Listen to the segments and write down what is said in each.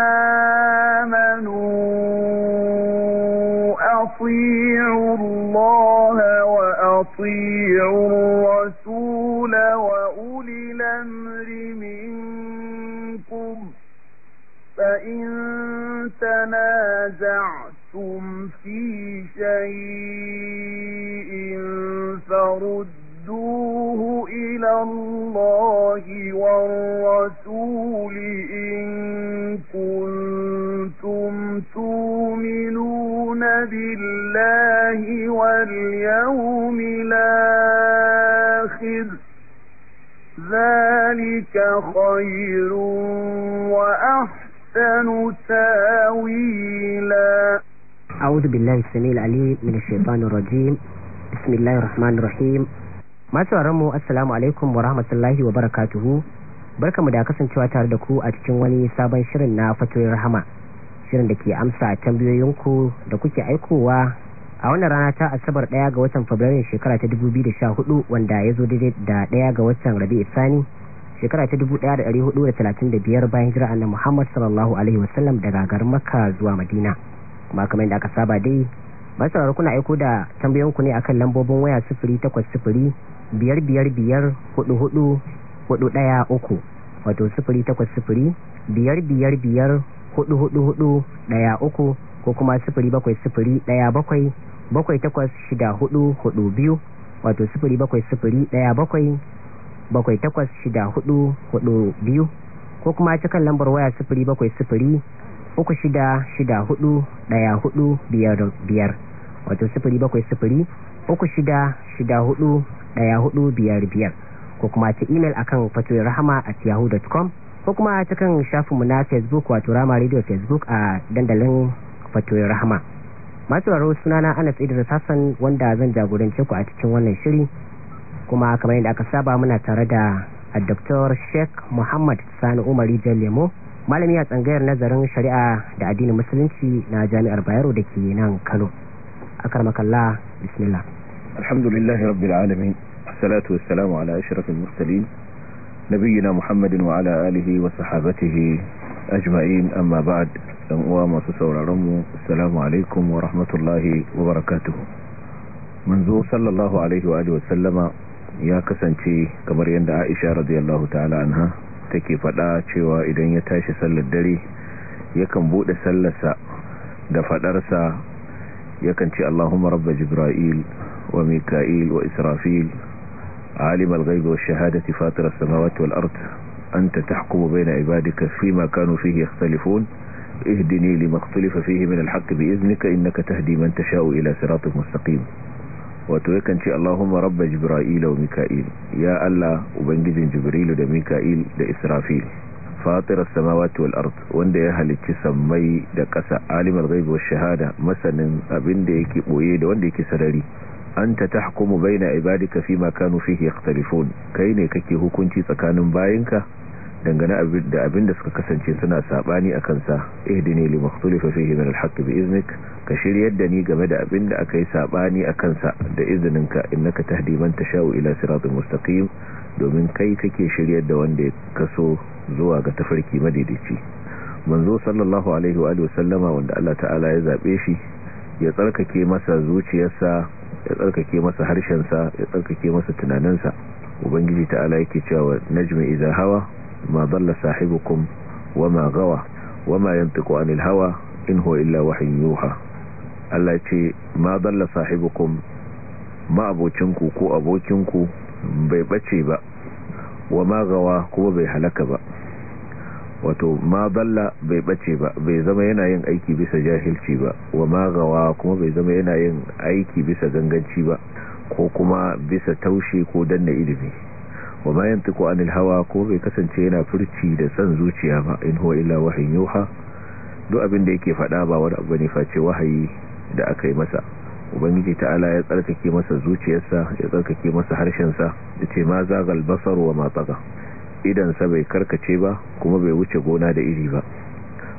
آمنوا أطيعوا الله وأطيعوا الرسول وأولي الأمر منكم فإن تنازعتم في شيء فردوه إلى الله والرسول كنتم تؤمنون بالله واليوم الآخر ذلك خير وأحسن تاويلا أعوذ بالله السميع العليم من الشيطان الرجيم بسم الله الرحمن الرحيم ما mu السلام عليكم ورحمة الله وبركاته barkamu da kasancewa tare da ku a cikin wani sabon shirin na fatoyin rahama shirin da ke amsa tambayoyinku da kuke aikowa a wannan rana ta asabar daya ga watan fabrairun shekara ta 2014 wanda ya zo daidai da daya ga watan rabi isani shekara ta 1435 bayan jira annabi Muhammad sallallahu alaihi wasallam daga garin Makka zuwa Madina kuma kamar da aka saba dai ba sauraro kuna aiko da tambayoyinku ne a kan lambobin waya hudu. hudu daya uku wato takwas 080 biyar biyar biyar hudu hudu hudu daya uku ko kuma sifiri bakwai sifiri daya bakwai bakwai takwas shida hudu hudu biyu wato sifiri bakwai sifiri daya bakwai bakwai takwas shida hudu hudu biyu ko kuma cikin lambar waya sifiri bakwai sifiri uku shida shida hudu daya hudu biyar biyar wato sifiri bakwai sifiri uku shida shida hudu daya hudu biyar biyar ko kuma ta email akan fatirahama at yahoo.com ko kuma ta kan mu na facebook wato rama radio facebook a dandalin rahama masu raro sunana anas idris hassan wanda zan jagorance ku a cikin wannan shiri kuma kamar yadda aka saba muna tare da dr sheikh muhammad sani umari lemo malami a tsangayar nazarin shari'a da addinin musulunci na jami'ar bayero da ke nan kano akar makalla bismillah alhamdulillahi rabbil alamin wassalatu wassalamu ala ashrafil mursalin nabiyina muhammadin wa ala wa sahabatihi ajma'in amma ba'd dan uwa masu sauraron mu assalamu wa rahmatullahi wa barakatuh manzo sallallahu alaihi wa alihi ya kasance kamar yadda Aisha radiyallahu ta'ala anha take fada cewa idan ya tashi sallar dare yakan bude sallarsa da fadarsa yakan ci Allahumma rabba jibra'il wa mika'il wa israfil عالم الغيب والشهادة فاطر السماوات والأرض أنت تحكم بين عبادك فيما كانوا فيه يختلفون اهدني لما اختلف فيه من الحق بإذنك إنك تهدي من تشاء إلى صراط مستقيم وتوكن شاء اللهم رب جبرائيل وميكائيل يا الله وبنجزن جبريل دا ميكائيل دا إسرافيل فاطر السماوات والأرض وند يا هلتي سمي دا قسى عالم الغيب والشهادة مثلا أبن دا يكي قوية دا وند يكي سرري anta tahkumu baina ibadika fima kanu fihi yakhtalifun kai ne kake hukunci tsakanin bayinka dangane da abin da suka kasance suna sabani akan sa ihdini li makhtulifa fihi min al bi iznik ka shiryar da ni game da abinda aka yi sabani akan sa da izininka innaka tahdi man tashau ila siratin mustaqim domin kai kake shiryar da wanda kaso zuwa ga tafarki madaidaici manzo sallallahu alaihi wa sallama wanda Allah ta'ala ya zabe shi ya tsarkake masa zuciyarsa ya tsarkake masa harshensa ya tsarkake masa tunaninsa ubangiji ta ala yake cewa najmi idan hawa ma dalla sahibukum ma gawa wa ma yantiku anil hawa in huwa illa wahyin yuha Allah ce ma dalla sahibukum ma ku ko abokinku bai bace ba wa ma gawa kuma bai halaka ba wato ma balla bai bace ba bai zama yana yin aiki bisa jahilci ba wa ma gawa kuma bai zama yana yin aiki bisa ganganci ba ko kuma bisa taushe ko danna ilimi wa ma yantiku anil hawa ko bai kasance yana furci da san zuciya ba in huwa illa wahyin yuha duk abin da yake fada ba wani abu ne face wahayi da aka yi masa ubangiji ta'ala ya tsarkake masa zuciyarsa ya tsarkake masa harshen sa yace ma zagal basar wa ma taga idansa bai karkace ba kuma bai wuce gona da iri ba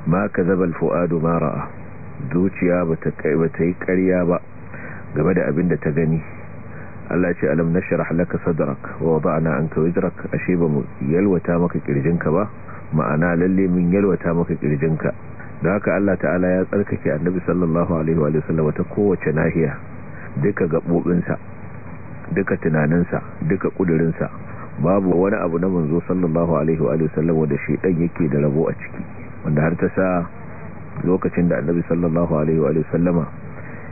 ma ka zabal fu'adu mara'a zuciya ba ta yi karya ba game da abin da ta gani Allah ce alam nashrah laka sadrak wa wada'na anka wizrak ashe ba mu yalwata maka kirjinka ba ma'ana lalle mun yalwata maka kirjinka da haka Allah ta'ala ya tsarkake annabi sallallahu alaihi wa sallam ta kowace nahiya duka gabobinsa duka tunaninsa duka kudurinsa babu wani abu na manzo sallallahu alaihi wa sallam wanda shedan yake da rabo a ciki wanda har ta sa lokacin da annabi sallallahu alaihi wa sallama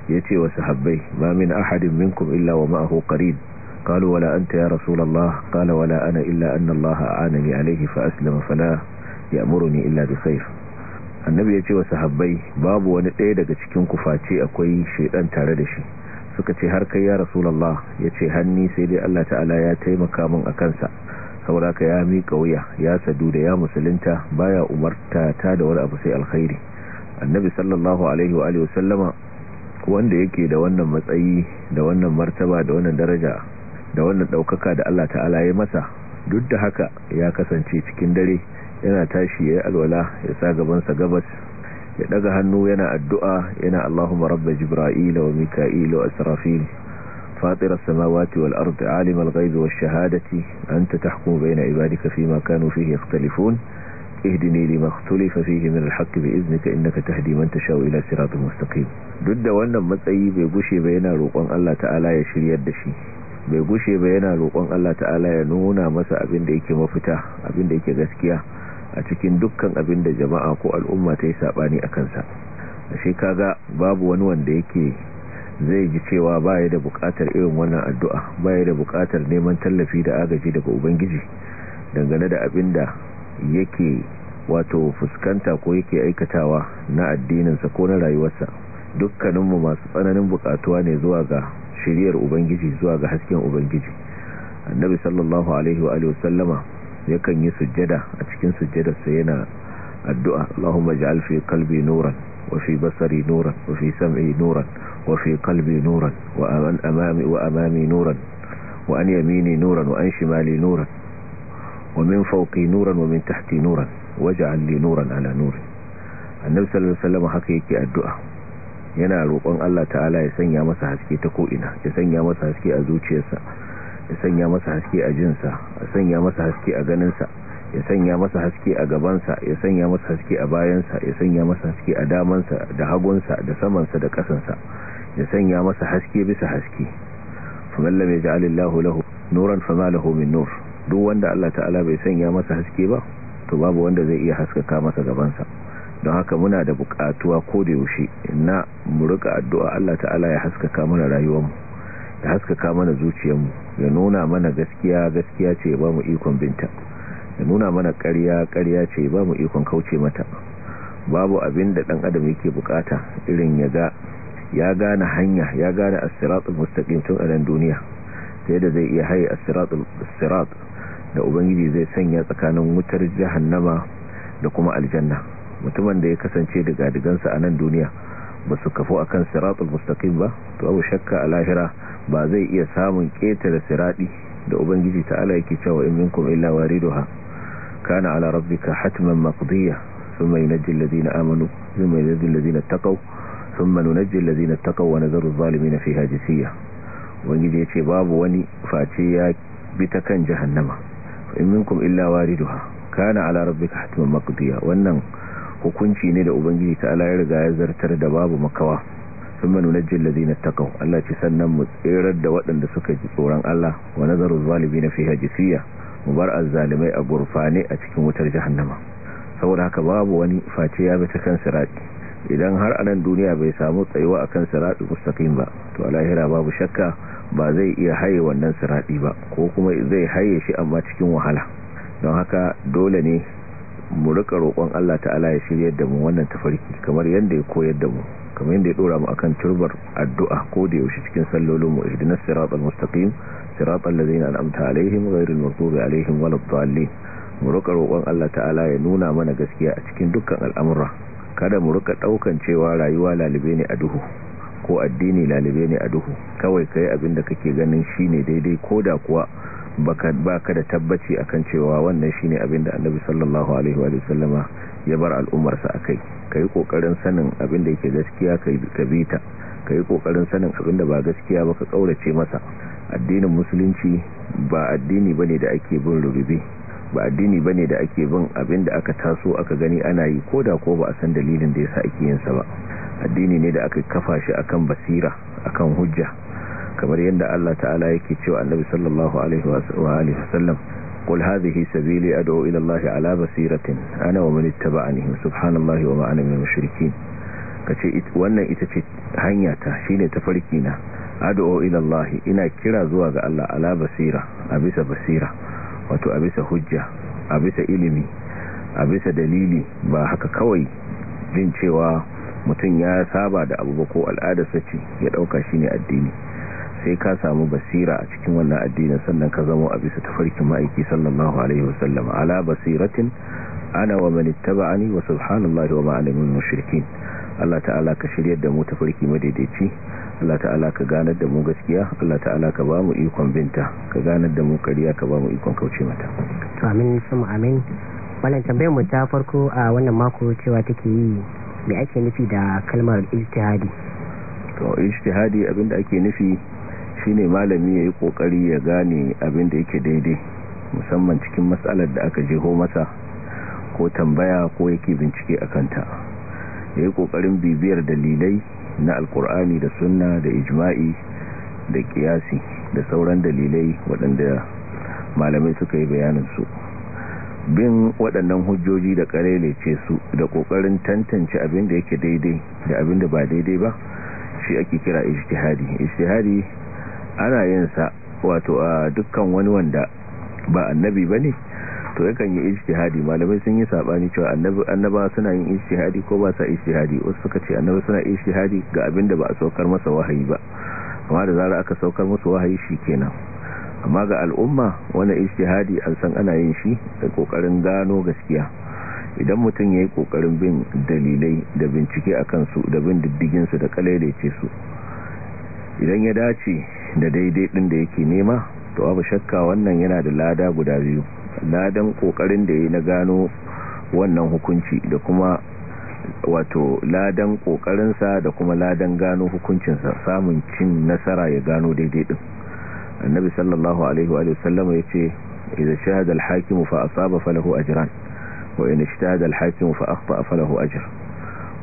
yace wa sahabbai ma min ahadin minkum illa wa ma'ahu qarin قالوا ولا أنت يا رسول الله قال ولا أنا إلا أن الله أعانني عليه فأسلم فلا يأمرني إلا بخير annabi ya ce wa sahabbai babu wani ɗaya daga cikin kufaci akwai shaidan tare da shi suka ce har kai ya rasulullah ya ce hanni sai dai Allah ta'ala ya taimaka min a kansa saboda ka ya miƙa wuya ya sadu da ya musulunta baya umarta ta da wani abu sai alkhairi annabi sallallahu alaihi wa alihi wasallama wanda yake da wannan matsayi da wannan martaba da wannan daraja da wannan daukaka da Allah ta'ala ya masa duk da haka ya kasance cikin dare yana tashi ya alwala ya sa gabansa gabas ya daga hannu yana addu'a yana Allahumma rabba jibra'ila wa mikaila wa asrafil fatir samawati wal ardi alim al-ghaibi shahadati anta ta bayna ibadika fima kanu fihi yakhtalifun ihdini lima ikhtalafa fihi min al-haqqi bi idhnika innaka tahdi man tashau ila siratin duk da wannan matsayi bai gushe ba yana roƙon Allah ta'ala ya shiryar da shi bai gushe ba yana roƙon Allah ta'ala ya nuna masa abin da yake mafita abin da yake gaskiya a cikin dukkan abin da jama'a ko al'umma ta yi saɓani a kansa ashe kaga babu wani wanda yake zai ji cewa baya da bukatar irin wannan addu'a baya da bukatar neman tallafi da agaji daga ubangiji dangane da abin da yake wato fuskanta ko yake aikatawa na addininsa ko na rayuwarsa dukkaninmu masu tsananin bukatuwa ne zuwa ga shiriyar ubangiji zuwa ga hasken ubangiji annabi sallallahu alaihi wa sallama yakan yi sujjada a cikin sujjada sai yana addu'a Allahumma ij'al alfi kalbi nuran wa fi basari nuran wa fi sam'i nuran wa fi kalbi nuran wa amami nuran wa an yamini nuran wa an shimali nuran wa min fauki nuran wa min tahti nuran waj'al li nuran ala nuri annabi sallallahu salama haka yake addu'a yana roƙon Allah ta'ala ya sanya masa haske ta ko ina ya sanya masa haske a zuciyarsa ya sanya masa haske a jinsa ya sanya masa haske a ganinsa ya sanya masa haske a gabansa ya sanya masa haske a bayansa ya sanya masa haske a damansa da hagunsa da samansa da kasansa ya sanya masa haske bisa haske faman mai yaj'alillahu lahu nuran fama lahu min nur duk wanda Allah ta'ala bai sanya masa haske ba to babu wanda zai iya haskaka masa gabansa don haka muna da bukatuwa ko da yaushe na mu rika addu'a Allah ta'ala ya haskaka mana rayuwarmu da haskaka mana zuciyarmu ya nuna mana gaskiya gaskiya ce ba mu ikon binta ya nuna mana karya karya ce ba mu ikon kauce mata babu abin da ɗan adam yake bukata irin ya ga ya gane hanya ya gane as tun anan duniya sai da zai iya haye as sirat da ubangiji zai sanya tsakanin wutar jahannama da kuma aljanna mutumin da ya kasance daga digansa a nan duniya ba su kafo akan siratul mustaqim ba to abu shakka a lahira ba zai iya samun ketare siradi da ubangiji ta ala yake cewa in minkum illa wari wariduha kana ala rabbika hatman maqdiya thumma yunajjil ladina amanu thumma yunajjil ladina taqaw thumma nunajjil ladina taqaw wa nadharu adh-dhalimin fiha jisiya ubangiji yace babu wani face ya bi ta kan jahannama in minkum illa wariduha kana ala rabbika hatman maqdiya wannan hukunci ne da ubangiji ta ala ya riga ya zartar da babu makawa sun manunajin lazina takau Allah ce sannan mu tserar da waɗanda suka ji tsoron Allah wa nazaru zalibi na fi siya mu bar zalimai a gurfane a cikin wutar jahannama saboda haka babu wani face ya bata kan sirati idan har anan duniya bai samu tsayuwa a kan sirati mustaqim ba to alahira babu shakka ba zai iya haye wannan sirati ba ko kuma zai haye shi amma cikin wahala don haka dole ne mu rika roƙon Allah ta'ala ya shiryar da mu wannan tafarki kamar yadda ya koyar da mu kamar yadda ya dora mu akan turbar addu'a ko da yaushe cikin sallolin mu ihdinas siratal mustaqim siratal ladzina an'amta alaihim ghayril maghdubi alaihim waladdallin mu rika roƙon Allah ta'ala ya nuna mana gaskiya a cikin dukkan al'amura kada mu rika daukan cewa rayuwa lalibe ne a duhu ko addini lalibe ne a duhu kawai kai abinda kake ganin shine daidai koda kuwa baka da tabbaci akan cewa wannan shine abin da annabi sallallahu alaihi wa sallama ya bar al'ummarsa a kai kokarin sanin abin da yake gaskiya ta ka yi ƙoƙarin kokarin sanin abin da ba gaskiya ba ka ƙaurace masa addinin musulunci ba addini ba ne da ake bin rurube ba addini ba ne da ake bin abin da aka taso aka gani ana yi ko da ko ba a san dalilin da ya sa ake yinsa ba addini ne da aka kafa shi akan basira akan hujja kamar yadda Allah ta'ala yake cewa annabi sallallahu alaihi wa alihi wasallam قل هذه سبيلي أدعو إلى ala basiratin ana أنا ومن اتبعني سبحان الله وما ana من المشركين kace wannan ita ce hanya ta shine tafarki na ad'u ila Allah ina kira zuwa ga Allah ala basira a bisa basira wato a bisa hujja a bisa ilimi a bisa dalili ba haka kawai jin cewa mutum ya saba da abu ko al'ada sace ya dauka shine addini sai ka samu basira a cikin wannan addinin sannan ka zama a bisa tafarkin ma'aiki sallallahu alaihi wasallam ala basiratin ana wa man ittaba'ani wa subhanallahi wa ma ana Allah ta'ala ka shiryar da mu tafarki madaidaici Allah ta'ala ka ganar da mu gaskiya Allah ta'ala ka ba mu ikon binta ka ganar da mu kariya ka ba mu ikon kauce mata to amin amin wannan tambayar mu ta farko a wannan mako cewa take yi me ake nufi da kalmar ijtihadi to ijtihadi abinda ake nufi shine malami ya yi kokari ya gane abin da yake daidai musamman cikin matsalar da aka je jeho masa ko tambaya ko yake bincike akan ta yayi kokarin bibiyar dalilai na alkur'ani da sunna da ijma'i da kiyasi da sauran dalilai waɗanda malamai suka yi bayanin su bin waɗannan hujjoji da ce su da ƙoƙarin tantance abin da yake daidai da abin da ba daidai ba shi ake kira ijtihadi ijtihadi ana yin sa wato a dukkan wani wanda ba annabi ba ne to yakan yi ijtihadi malamai sun yi sabani cewa annabi annaba suna yin ijtihadi ko ba sa ijtihadi wasu suka ce annabi suna ijtihadi ga abin da ba a saukar masa wahayi ba amma da zara aka saukar masa wahayi shi kenan amma ga al'umma wani ijtihadi an san ana yin shi da kokarin gano gaskiya idan mutum ya yi kokarin bin dalilai da bincike a kansu da bin diddigin su da kalailece su idan ya dace da daidai din da yake nema to abu shakka wannan yana da lada guda biyu ladan kokarin da ya na gano wannan hukunci da kuma wato ladan kokarinsa da kuma ladan gano hukuncinsa samun cin nasara ya gano daidai din annabi sallallahu alaihi wa sallam ya ce idza shahada al-hakim fa asaba falahu ajran wa in ijtahada al-hakim fa akhta falahu ajr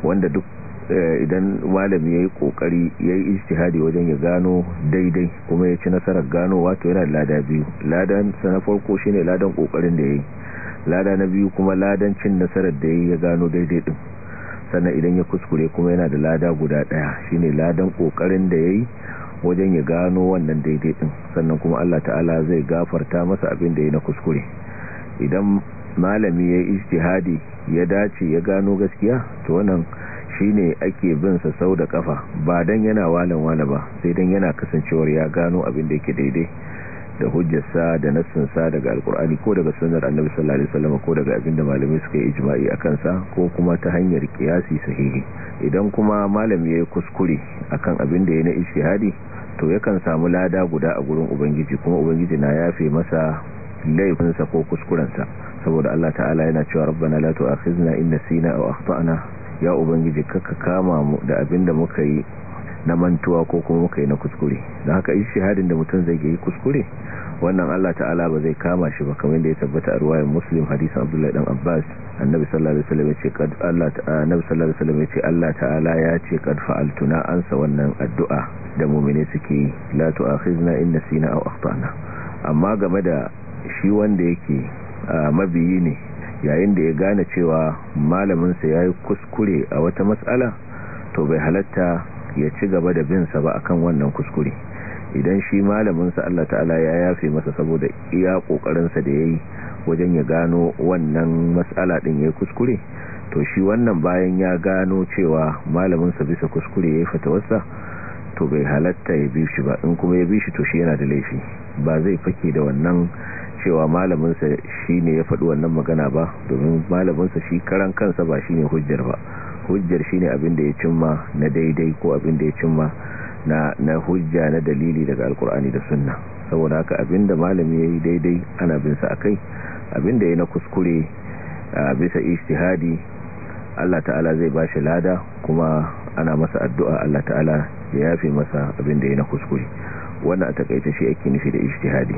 wanda duk Eh, idan malami yayi kokari yayi ijtihadi wajen ya gano daidai kuma ya ci nasarar gano wato yana lada biyu ladan sa na farko shine ladan kokarin da yayi lada na biyu kuma ladan cin nasarar da yayi ya gano daidai din sannan idan ya kuskure kuma yana da lada guda daya shine ladan kokarin da yayi wajen ya gano wannan daidai din sannan kuma Allah ta'ala zai gafarta masa abin da ya na kuskure idan malami yayi ijtihadi ya dace ya gano gaskiya to wannan shi shine ake bin sa sau da kafa ba dan yana walan wala ba sai dan yana kasancewar ya gano abin da yake daidai da hujjarsa da nassinsa daga alkur'ani ko daga sunnar annabi sallallahu alaihi wasallam ko daga abin da malamai suka yi ijma'i akan sa ko kuma ta hanyar kiyasi sahihi idan kuma malami yayi kuskure akan ya yayi na ishihadi to yakan samu lada guda a gurin ubangiji kuma ubangiji na yafe masa laifinsa ko kuskurensa saboda Allah ta'ala yana cewa rabbana la tu'akhizna in nasina aw akhtana ya ubangiji kaka kama mu da abin da muka yi na mantuwa ko kuma muka yi na kuskure da haka ishihadin da mutum zai yi kuskure wannan Allah ta'ala ba zai kama shi ba kamar da ya tabbata a ruwayar muslim hadisan abdullahi dan abbas annabi sallallahu alaihi wasallam yace ce Allah Allah ta'ala ya ce kad fa'altuna ansa wannan addu'a da mu'mini suke la tu'akhizna in nasina aw akhtana amma game da shi wanda yake ah, mabiyi ne yayin da ya gane cewa malaminsa ya yi kuskure a wata matsala to bai halatta ya ci gaba da binsa ba akan wannan kuskure idan shi malaminsa Allah ta'ala ya yafe masa saboda iya kokarinsa da ya yi wajen ya gano wannan matsala din ya yi kuskure to shi wannan bayan ya gano cewa malaminsa bisa kuskure ya yi fatawarsa to bai halatta ya bi shi ba in kuma ya bi shi to shi yana da laifi ba zai fake da wannan cewa malaminsa shi ne ya faɗi wannan magana ba domin malaminsa shi karan kansa ba shi ne hujjar ba hujjar shi ne abinda ya cimma na daidai ko abinda ya cimma na hujja na dalili daga alkur'ani da sunna saboda haka abinda malami ya yi daidai ana binsa a kai abinda ya na kuskure bisa istihadi allah ta'ala zai ba shi lada kuma ana masa addu'a allah ta'ala ya yafe masa abinda ya na kuskure wannan a takaice shi ake nufi da istihadi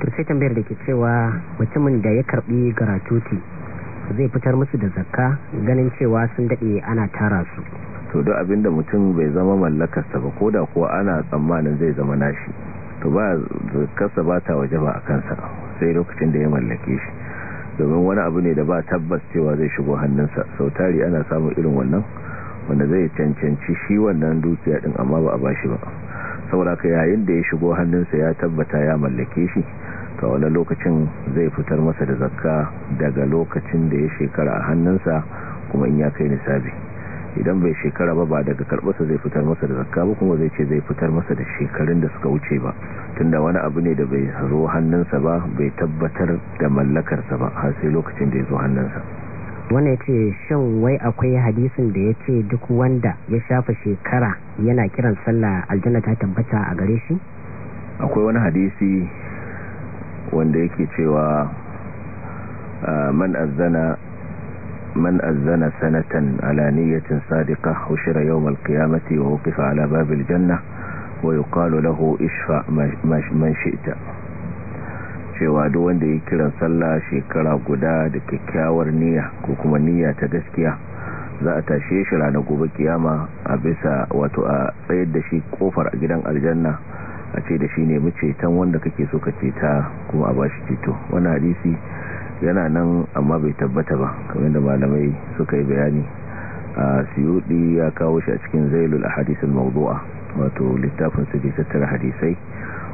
to sai tambayar da ke cewa mutumin da ya karbi garatuti zai fitar musu da zakka ganin cewa sun dade ana tara su to duk abinda mutum bai zama mallakarsa ba koda kuwa ana tsammanin zai zama nashi to ba zakkarsa ba ta waje ba a kansa sai lokacin da ya mallake shi domin wani abu ne da ba tabbas cewa zai shigo hannunsa sau tari ana samun irin wannan wanda zai cancanci shi wannan dukiya din amma ba a bashi ba saboda ka yayin da ya shigo hannunsa ya tabbata ya mallake shi ka wani lokacin zai fitar masa da zakka daga lokacin da ya shekara a hannunsa kuma in ya kai nisabi idan bai shekara ba ba daga karbarsa zai fitar masa da zakka ba kuma zai ce zai fitar masa da shekarun da suka wuce ba tun da wani abu ne da bai zo hannunsa ba bai tabbatar da mallakarsa ba har sai lokacin da ya zo hannunsa wani ya ce shan wai akwai hadisin da ya ce duk wanda ya shafa shekara yana kiran sallah aljanna ta tabbata a gare shi akwai wani hadisi wanda yake cewa ah, man azzana man azzana sanatan alaniyatin sadiqa hushira yawmal qiyamati wa uqifa ala babil janna wa yuqalu lahu ishfa man shi'ta cewa duk wanda ya kiran sallah shekara guda da kyakkyawar niyya ko kuma niyya ta gaskiya za a tashe shi ranar gobe kiyama a bisa wato a tsayar da shi kofar a gidan aljanna a ce da shi ne mace tan wanda kake so ka ceta kuma a bashi ceto wani hadisi yana nan amma bai tabbata ba kamar da malamai suka yi bayani a siyudi ya kawo shi a cikin zailul ahadisul mawdu'a wato littafin su da tattara hadisai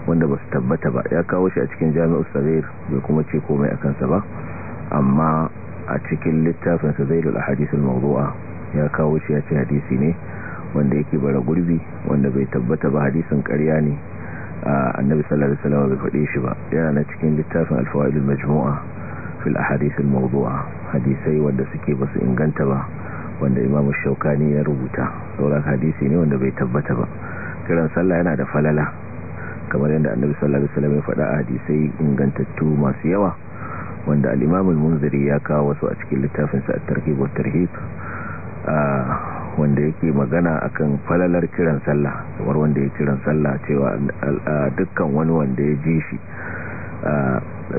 wanda ba su tabbata ba ya kawo shi a cikin jami'u sabir bai kuma ce komai a kansa ba amma a cikin littafin sa zailul ahadisul mawdu'a ya kawo shi ya ce hadisi ne wanda yake bara gurbi wanda bai tabbata ba hadisin ƙarya ne annabi sallallahu alaihi wasallam bai faɗe shi ba yana na cikin littafin al-fawaid al-majmu'a fil ahadith al-mawdu'a hadisai wanda suke ba su inganta ba wanda imamu shaukani ya rubuta sauran hadisi ne wanda bai tabbata ba kiran sallah yana da falala kamar yadda annabi sallallahu alaihi wasallam ya faɗa a hadisai ingantattu masu yawa wanda al-imam al-munziri ya kawo wasu a cikin littafin sa at-targhib wa tarhib ah, wanda yake magana akan falalar kiran sallah kamar wanda ya kiran sallah cewa dukkan wani wanda ya ji shi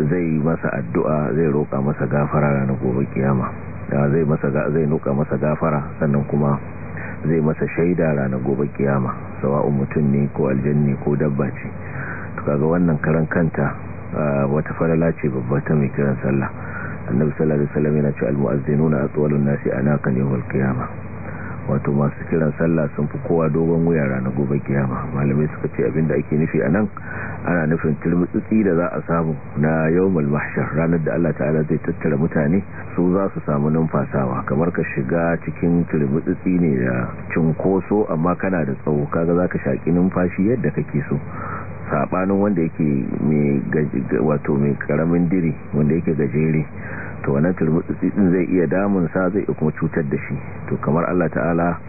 zai masa addu'a zai roƙa masa gafara na gobe kiyama zai masa zai roƙa masa gafara sannan kuma zai masa shaida ranar gobe kiyama sawa'un mutum ne ko aljanni ko dabba ce to kaga wannan karan kanta wata falala ce babba ta mai kiran sallah annabi sallallahu alaihi wasallam yana cewa al-mu'azzinuna atwalun nasi anaqan yawm al-qiyamah wato masu kiran sallah sun fi kowa dogon wuya ranar gobe kiyama malamai suka ce abinda ake nufi a nan ana nufin turmutsutsi da za a samu na yau ranar da Allah ta'ala zai tattara mutane su za su samu numfasawa kamar ka shiga cikin turmutsutsi ne da cinkoso amma kana da tsawo kaga zaka shaki numfashi yadda kake so sabanin wanda yake mai wato mai karamin diri wanda yake gajere to wannan turmutsi din zai iya damun sa zai kuma cutar da shi to kamar Allah ta'ala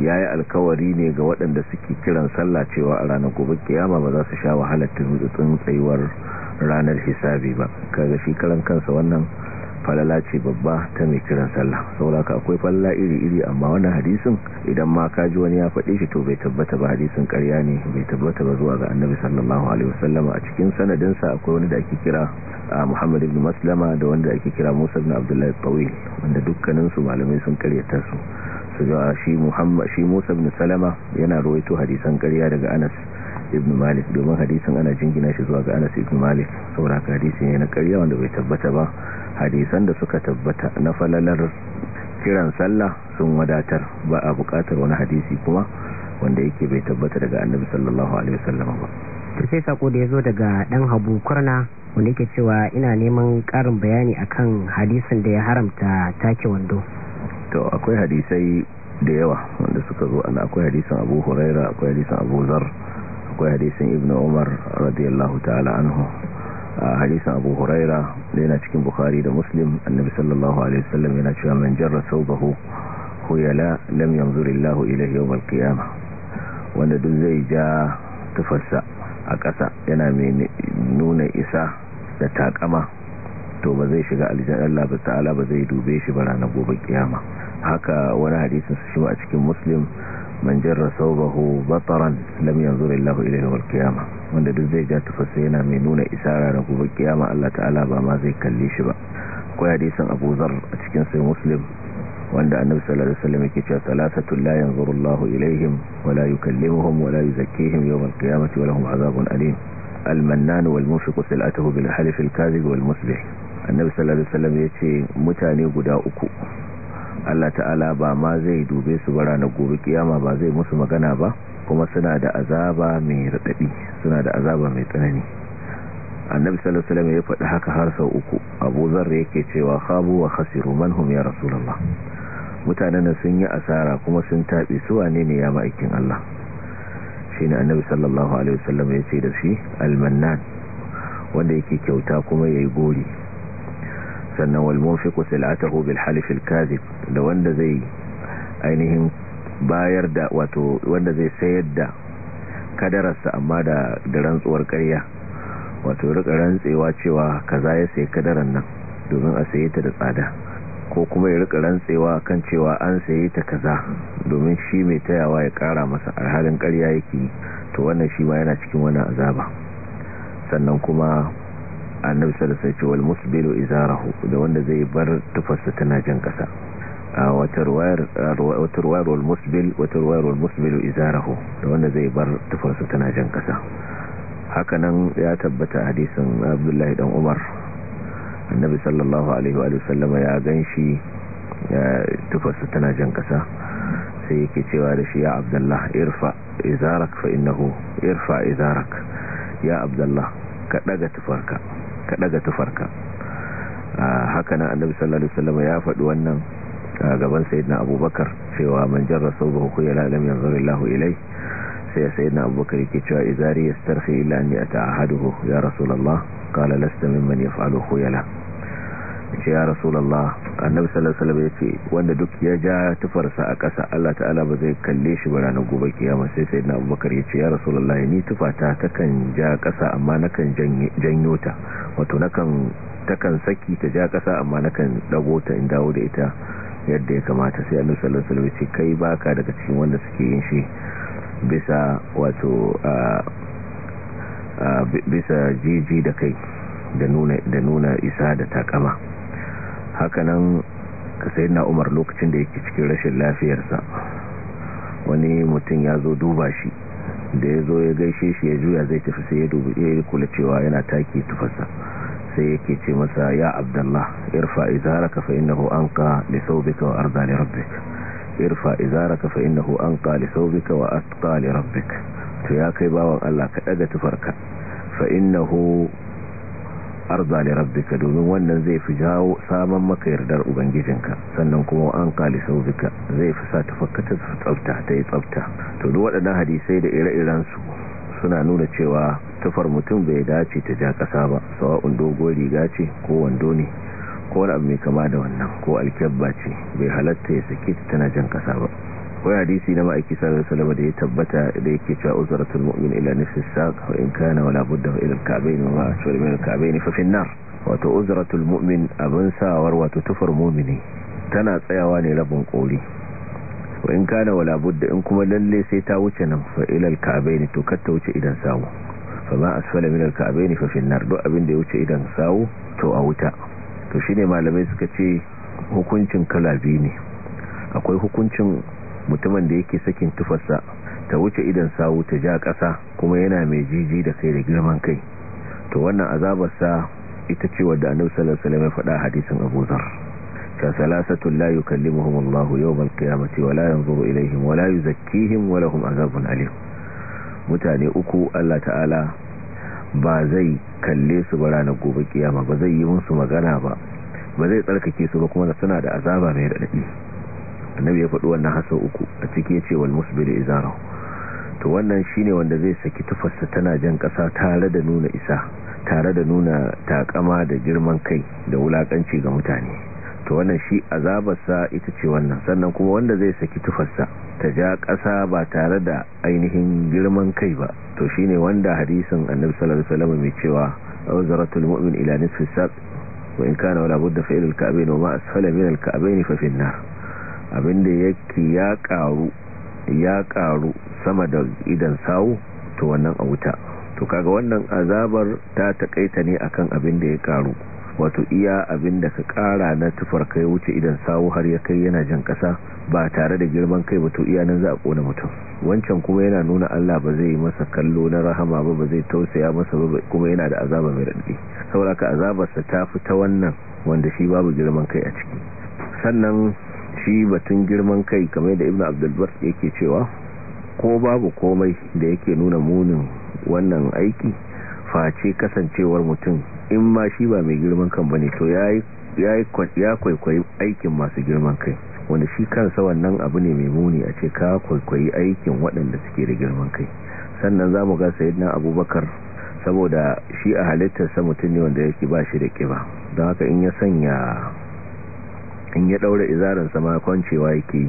ya yi alkawari ne ga waɗanda suke kiran sallah cewa a ranar gobe kiyama ba za su sha wahalar turmutsin tsayuwar ranar hisabi ba kaga shi karan kansa wannan falala ce babba ta mai kiran sallah sauraka akwai falala iri-iri amma wannan hadisin idan ma ka wani ya faɗe shi to bai tabbata ba hadisin ƙarya ne bai tabbata ba zuwa ga annabi sallallahu alaihi wasallama a cikin sanadinsa akwai wani da ake kira muhammad ibn maslama da wanda ake kira musa ibn abdullahi tawil wanda dukkaninsu malamai sun karyata su su shi muhammad shi musa ibn salama yana rawaito hadisan ƙarya daga anas ibn malik domin hadisin ana jingina shi zuwa ga anas ibn malik sauraka hadisin yana karya wanda bai tabbata ba hadisan da suka tabbata na falalar kiran sallah sun wadatar ba a bukatar wani hadisi kuma wanda yake bai tabbata daga annabi sallallahu alaihi wasallam ba to sai sako da yazo daga dan habu kurna wanda yake cewa ina neman karin bayani akan hadisin da ya haramta take wando to akwai hadisai da yawa wanda suka zo ana akwai hadisin Abu Huraira akwai hadisin Abu Zar akwai hadisin ibn umar radiyallahu ta'ala anhu a hadisin abu huraira da yana cikin bukhari da muslim annabi sallallahu alaihi wasallam yana cewa man jarra saubahu khuyala lam yanzur illahu ilayhi yawm alqiyamah wanda duk zai ja tufarsa a ƙasa yana mai nuna isa da takama to ba zai shiga aljanna Allah ba ta'ala ba zai dube shi ba ranar gobe kiyama haka wani hadisin su shi a cikin muslim man jarra saubahu bataran lam yanzur illahu ilayhi wal wanda duk zai ja tafasa yana mai nuna isara da gobe kiyama Allah ta'ala ba ma zai kalle shi ba akwai hadisin Abu Zar a cikin sai Muslim wanda annabi sallallahu alaihi wasallam yake cewa salatatul la yanzuru Allahu ilaihim wa kalli yukallimuhum wala la yuzakkihim yawm al-qiyamati wa lahum azabun alim al-mannan wal munfiqu sil'atuhu bil halif al-kadhib wal muslih annabi sallallahu alaihi wasallam yace mutane guda uku Allah ta'ala ba ma zai dube su bara na gobe kiyama ba zai musu magana ba kuma suna da azaba mai radadi suna da azaba mai tsanani annabi sallallahu alaihi wasallam ya faɗi haka har sau uku Abu zar yake cewa khabu wa khasiru manhum ya rasulullah mutanen sun yi asara kuma sun tabi su wane ne ya ma'aikin Allah shine annabi sallallahu alaihi wasallam ya ce da shi almannan wanda yake kyauta kuma yayi gori sannan wal munfiqu sil'atahu bil halif al kadhib da wanda zai ainihin bayar da wato wanda zai sayar da kadararsa amma da da rantsuwar karya wato rika rantsewa cewa kaza ya sayi kadaran nan domin a saye ta da tsada ko kuma ya rika rantsewa kan cewa an saye ta kaza domin shi mai tayawa ya kara masa alhalin karya yake to wannan shi ma yana cikin wani azaba sannan kuma annabi sallallahu alaihi wasallam wal musbilu izarahu da wanda zai bar tufarsa tana jan kasa a wata ruwayar wal musbil wata ruwayar wal musbilu izarahu da wanda zai bar tufarsa tana jan kasa hakanan ya tabbata hadisin abdullahi dan umar annabi sallallahu alaihi wa sallama ya ganshi tufarsa tana jan kasa sai yake cewa da shi ya abdullah irfa izarak fa innahu irfa izarak ya abdullah ka daga tufarka ka daga tufarka haka nan annabi sallallahu alaihi wasallam ya faɗi wannan gaban sayyidina abubakar cewa man jarra sawbahu khayla lam yanzur Allahu ilai sai sayyidina abubakar yake cewa izari yastarhi illa an yata'ahaduhu ya rasulullah qala lasta mimman yaf'alu khayla ce ya rasulallah annabi sallallahu alaihi wasallam wanda duk ya ja tufarsa a ƙasa Allah ta'ala ba zai kalle shi ba ranar gobe kiyama sai sayyidina Abubakar ya ce ya rasulallah ni tufata kan ja ƙasa amma nakan janyo ta wato nakan takan saki ta ja ƙasa amma nakan dago ta in dawo da ita yadda ya kamata sai annabi sallallahu alaihi wasallam ce kai baka daga cikin wanda suke yin shi bisa wato bisa jiji da kai da nuna isa da takama hakanan na umar lokacin da yake cikin rashin lafiyarsa wani mutum ya zo duba shi da ya zo ya gaishe shi ya juya zai tafi sai ya dubi ya kula cewa yana take tufasa sai yake ce masa ya abdullah irfa izaraka fa innahu anqa li thawbika wa arda li rabbik irfa izaraka fa innahu anqa li thawbika wa atqa li rabbik to ya kai bawan Allah ka daga tufarka fa innahu arza li rabbika domin wannan zai fi jawo saman maka yardar ubangijinka sannan kuma an kali sauzika zai fi sa tafakkata su tsafta ta yi tsafta to duk waɗannan hadisai da ire-iren su suna nuna cewa tufar mutum bai dace ta ja ƙasa ba sawa'un dogon riga ce ko wando ne ko wani abu mai kama da wannan ko alkyabba ce bai halatta ya sake tana jan ƙasa ba wani hadisi na ma'aiki sallallahu alaihi da ya tabbata da yake cewa uzratul mu'min ila nafsis saq wa in kana wala budda ila al-ka'bayn wa ma'a min al-ka'bayn fa fi an-nar wato uzratul mu'min abun sawar wato tufar mu'mini tana tsayawa ne rabin koli wa in kana wala budda in kuma lalle sai ta wuce nan fa ila al-ka'bayn to kar ta wuce idan sawu fa ma asfala min al-ka'bayn fa fi an-nar duk abin da ya wuce idan sawu to a wuta to shine malamai suka ce hukuncin kalabi ne akwai hukuncin mutumin da yake sakin tufarsa ta wuce idan sawu ta ja ƙasa kuma yana mai jiji da kai da girman kai to wannan azabarsa ita ce wadda annabi sallallahu alaihi wasallam ya faɗa hadisin Abu Zar ka salasatu la yukallimuhum Allah al qiyamati wa la yanzuru ilayhim wa la yuzakkihim wa lahum azabun alim mutane uku Allah ta'ala ba zai kalle su ba ranar gobe kiyama ba zai yi musu magana ba ba zai tsarkake su ba kuma suna da azaba mai radadi annabi ya faɗi wannan hasar uku a ciki ya ce wal musbir izara to wannan shine wanda zai saki tufarsa tana jan ƙasa tare da nuna isa tare da nuna takama da girman kai da wulakanci ga mutane to wannan shi azabarsa ita ce wannan sannan kuma wanda zai saki tufarsa ta ja ƙasa ba tare da ainihin girman kai ba to shine wanda hadisin annabi sallallahu alaihi wasallam mai cewa awzaratul mu'min ila nisfi sab wa in kana wala budda fa ila al-ka'bayn wa ma asfala min al-ka'bayn fa fi an-nar abinda yake ya karu ya karu sama da idan sawo to wannan a wuta to kaga wannan azabar ta takaita ne akan abin da ya karu wato iya abinda ka kara na tufar kai wuce idan sawo har ya kai yana jan kasa ba tare da girman kai ba to iya nan za a kona mutum wancan kuma yana nuna Allah ba zai masa kallo na rahama ba ba zai tausaya masa ba kuma yana da azaba mai radadi saboda azabar sa ta fi ta wannan wanda shi babu girman kai a ciki sannan shi batun girman kai kamar da ibn abdulbar yake cewa ko babu komai da yake nuna munin wannan aiki face kasancewar mutum in ma shi ba mai girman kan bane to ya kwaikwayi aikin masu girman kai wanda shi kansa wannan abu ne mai muni a ce ka kwaikwayi aikin waɗanda suke da girman kai sannan za mu ga sayidina abubakar saboda shi a halittarsa mutum ne wanda yake ba shi da ƙiba don haka in ya sanya in ya daura izaransa ma kwancewa yake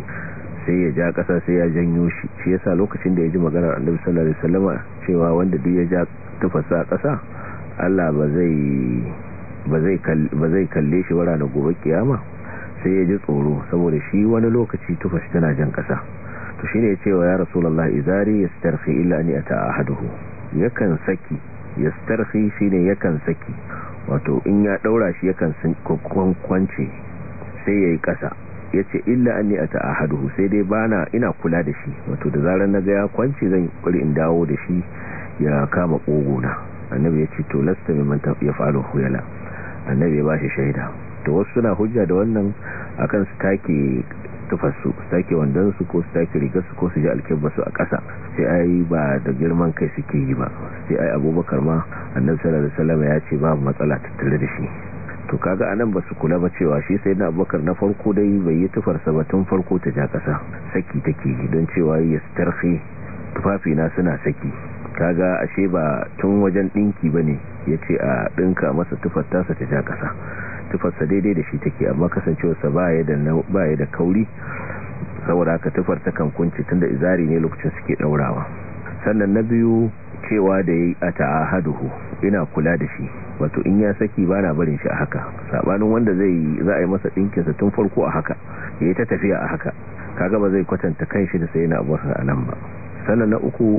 sai ya ja kasa sai ya janyo shi shi yasa lokacin da ya ji maganar annabi sallallahu alaihi wasallama cewa wanda duk ya ja tufasa kasa Allah ba zai ba zai kalle shi wara da gobe kiyama sai ya ji tsoro saboda shi wani lokaci tufashi tana jan kasa to shine ya ce wa ya rasulullahi izari yastarfi illa an yata ahaduhu yakan saki yastarfi shine yakan saki wato in ya daura shi yakan kwance sai yayi kasa ce illa an anni ata'ahaduhu sai dai bana ina kula da shi wato da zaran naga ya kwance zan kuri in dawo da shi ya kama kogona annabi yace to lasta ya yafalu huyala annabi ya ba shi shaida to wasu suna hujja da wannan akan su take tufarsu su take wandonsu ko su take rigarsu ko su ji alkibarsu a ƙasa sai ai ba da girman kai suke yi ba sai ai abubakar ma annabi sallallahu alaihi wasallam ya ce babu matsala tattare da shi to kaga anan ba su kula ba cewa shi sai na abubakar na farko dai bai yi tufarsa ba tun farko ta ja kasa saki take don cewa ya starfi na suna saki kaga ashe ba tun wajen dinki bane ce a dinka masa tufarta sa ta ja kasa tufarsa daidai da shi take amma kasancewarsa baya da baya da kauri saboda haka tufar ta kan kunci tunda izari ne lokacin suke daurawa sannan na biyu cewa da ya yi yayi haduhu ina kula da shi wato in ya saki ba na barin shi a haka sabanin wanda za a yi masa ɗinkinsa tun farko a haka ya yi ta tafiya a haka kaga ba zai kwatanta kanshi da sayyidina Abubakar nan ba sannan na uku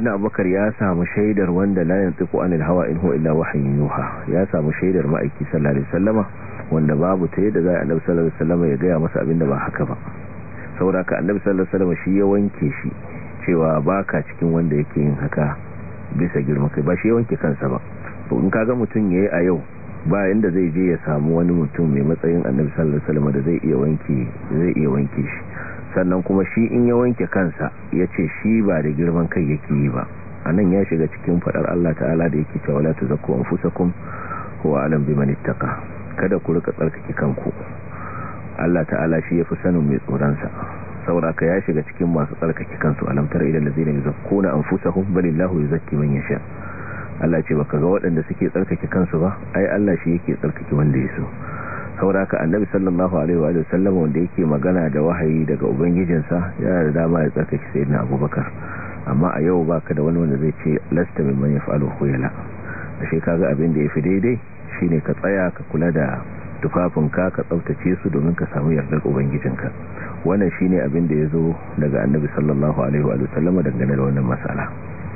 na Abubakar ya samu shaidar wanda layan yantiqu anil hawa in illa wahayin yuha ya samu shaidar ma'aiki sallallahu sallama wanda babu ta yadda za a annabi sallallahu sallama ya gaya masa da ba haka ba saboda ka annabi sallallahu sallama shi ya wanke shi cewa baka cikin wanda yake yin haka bisa girma kai ba shi wanke kansa ba to in kaga mutum yayi a yau ba yanda zai je ya samu wani mutum mai matsayin annabi sallallahu alaihi wasallam da zai iya wanke zai iya wanke shi sannan kuma shi in ya wanke kansa yace shi ba da girman kai yake yi ba anan ya shiga cikin fadar Allah ta'ala da yake cewa la tuzakku anfusakum huwa alam biman ittaqa kada ku rika tsarkake kanku Allah ta'ala shi yafi sanin mai tsoronsa. sauraka ya shiga cikin masu tsarkake kansu alamtar idan lazina yuzakkuna anfusahum ya yuzakki man sha Allah ce baka ga waɗanda suke tsarkake kansu ba ai Allah shi yake tsarkake wanda ya so sauraka annabi sallallahu alaihi wa sallam wanda yake magana da wahayi daga ubangijinsa yana da dama ya tsarkake na abubakar amma a yau baka da wani wanda zai ce lasta mimman yaf'alu khuyala ashe kaga abin da yafi daidai shine ka tsaya ka kula da tufafinka ka tsaftace su domin ka samu yardar ubangijinka wannan shine abin da ya zo daga annabi sallallahu alaihi wa sallama dangane da wannan matsala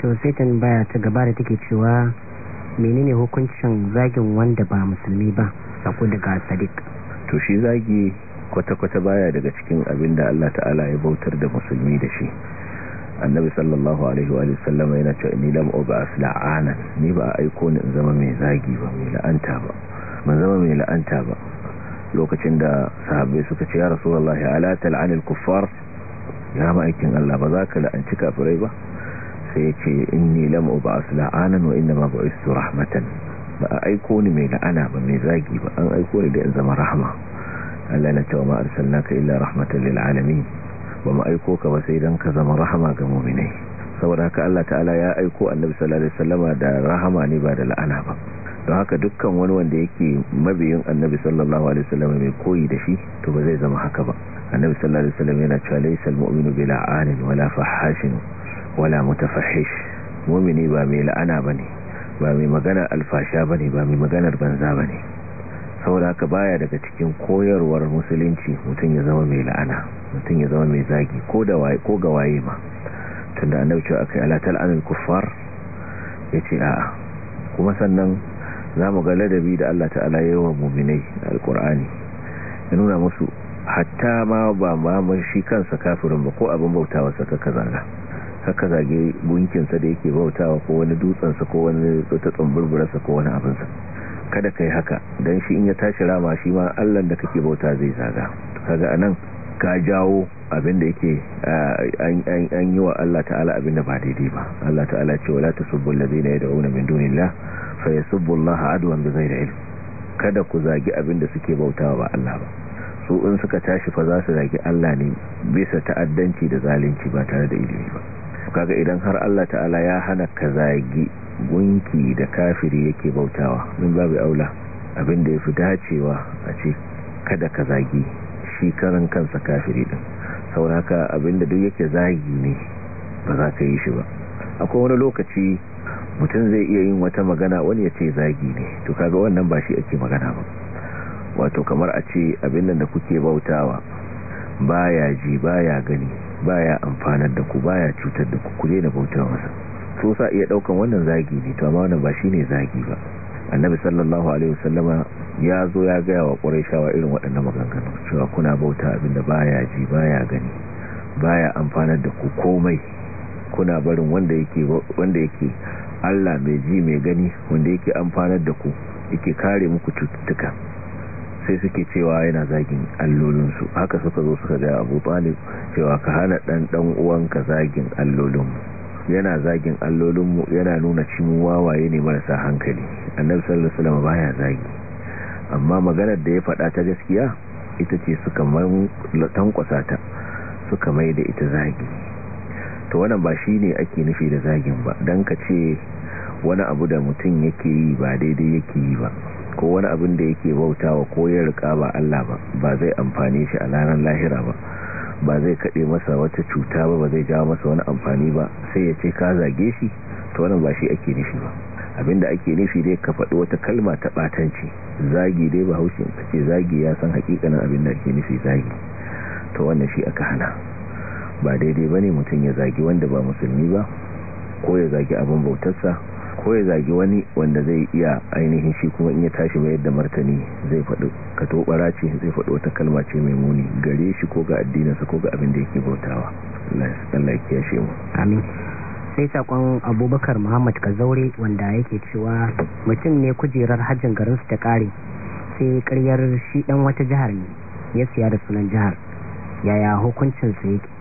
to sai baya ta gaba da take cewa menene hukuncin zagin wanda ba musulmi ba a daga sadiq to shi zagi kwata-kwata baya daga cikin abin da Allah ta'ala ya bautar da musulmi da shi annabi sallallahu alaihi wa sallama yana cewa ni lam ubas la'ana ni ba aiko ni in zama mai zagi ba mai la'anta ba ban zama mai la'anta ba lokacin da sahabbai suka ce ya rasulullahi ala tal'anil kuffar ya ma'aikin Allah ba za ka la'anci kafirai ba sai ya ce inni lam su la'anan wa inda ma bu'istu rahmatan ba a aiko ni mai la'ana ba mai zagi ba an aiko ni da in zama rahma Allah na cewa ma ka illa rahmatan lil'alami alamin ba mu aiko ka ba sai dan ka zama rahama ga mu'minai saboda haka Allah ta'ala ya aiko annabi sallallahu alaihi wasallama da rahama ne ba da la'ana ba don haka dukkan wani wanda yake mabiyin annabi sallallahu alaihi wasallam mai koyi da shi to ba zai zama haka ba annabi sallallahu alaihi wasallam yana cewa laysal mu'minu bila la'anin wala fahashin wala mutafahish mu'mini ba mai la'ana bane ba mai maganar alfasha bane ba mai maganar banza bane saboda haka baya daga cikin koyarwar musulunci mutum ya zama mai la'ana mutum ya zama mai zagi ko da waye ko ga waye ma tunda annabi cewa akai ala tal'anul kuffar yace a'a kuma sannan za mu ga ladabi da Allah ta'ala ya yi wa muminai alkur'ani ya nuna musu hatta ma ba mamar shi kansa kafirin ba ko abin bautawa sa ka zaga kaka zage gunkinsa da yake bautawa ko wani dutsensa ko wani ta tsumburburarsa ko wani abinsa kada kai haka don shi in ya tashi rama shi ma allah da kake bauta zai zaga kaga anan ka jawo abin da yake an yi wa allah ta'ala abin da ba daidai ba allah ta'ala ce wala tasubbu allazina yad'una min dunillahi fa yasubbullaha adwan bi ghairi ilm kada ku zagi abin da suke bautawa ba Allah ba su in suka tashi fa za su zagi Allah ne bisa ta'addanci da zalunci ba tare da ilimi ba kaga idan har Allah ta'ala ya hana ka zagi gunki da kafiri yake bautawa min babu aula abin da yafi dacewa a ce kada ka zagi shi karan kansa kafiri din sauraka abin da duk yake zagi ne ba za ka yi shi ba akwai wani lokaci mutum zai iya yin wata magana wani ya ce zagi ne to kaga wannan ba shi ake magana ba wato kamar a ce abin da kuke bautawa baya ji baya gani baya amfanar da ku baya cutar da ku kure da bautar masa so sa iya daukan wannan zagi ne to amma wannan ba shi ne zagi ba annabi sallallahu alaihi wasallama ya zo ya gaya wa quraishawa irin waɗannan maganganu cewa kuna bauta abin da baya ji baya gani baya amfanar da ku komai kuna barin wanda yake wanda yake Allah mai ji mai gani wanda yake amfanar da ku yake kare muku cututtuka sai suke cewa yana zagin allolinsu haka suka zo suka ga abu talib cewa ka hana dan dan uwanka zagin allolinmu yana zagin allolinmu yana nuna cin wawaye ne marasa hankali annabi sallallahu alaihi wasallam baya zagi amma maganar da ya faɗa ta gaskiya ita ce suka ta suka mai da ita zagi to wannan ba shi ne ake nufi da zagin ba dan ka ce wani abu da mutum yake yi ba daidai yake yi ba ko wani abin da yake bautawa ko ya rika ba Allah ba ba zai amfane shi a ranar lahira ba ba zai kaɗe masa wata cuta ba ba zai jawo masa wani amfani ba sai ya ce ka zage shi to wannan ba shi ake nufi ba abin da ake nufi dai ka faɗi wata kalma ta batanci zagi dai ba haushin ka ce zagi ya san haƙiƙanin abin da ake nufi zagi to wannan shi aka hana ba daidai ba ne mutum ya zagi wanda ba musulmi ba ko ya zagi abin bautarsa ko ya zagi wani wanda zai iya ainihin shi kuma in ya tashi mai yadda martani zai faɗi kato ɓara ce zai faɗi wata kalma ce mai muni gare shi ko ga addininsa ko ga abin da yake bautawa Allah ya kiyashe mu amin sai sakon abubakar muhammad kazaure wanda yake cewa mutum ne kujerar hajjin garin su ta kare sai karyar shi dan wata jihar ne ya siya da sunan jihar yaya hukuncin hukuncinsa yake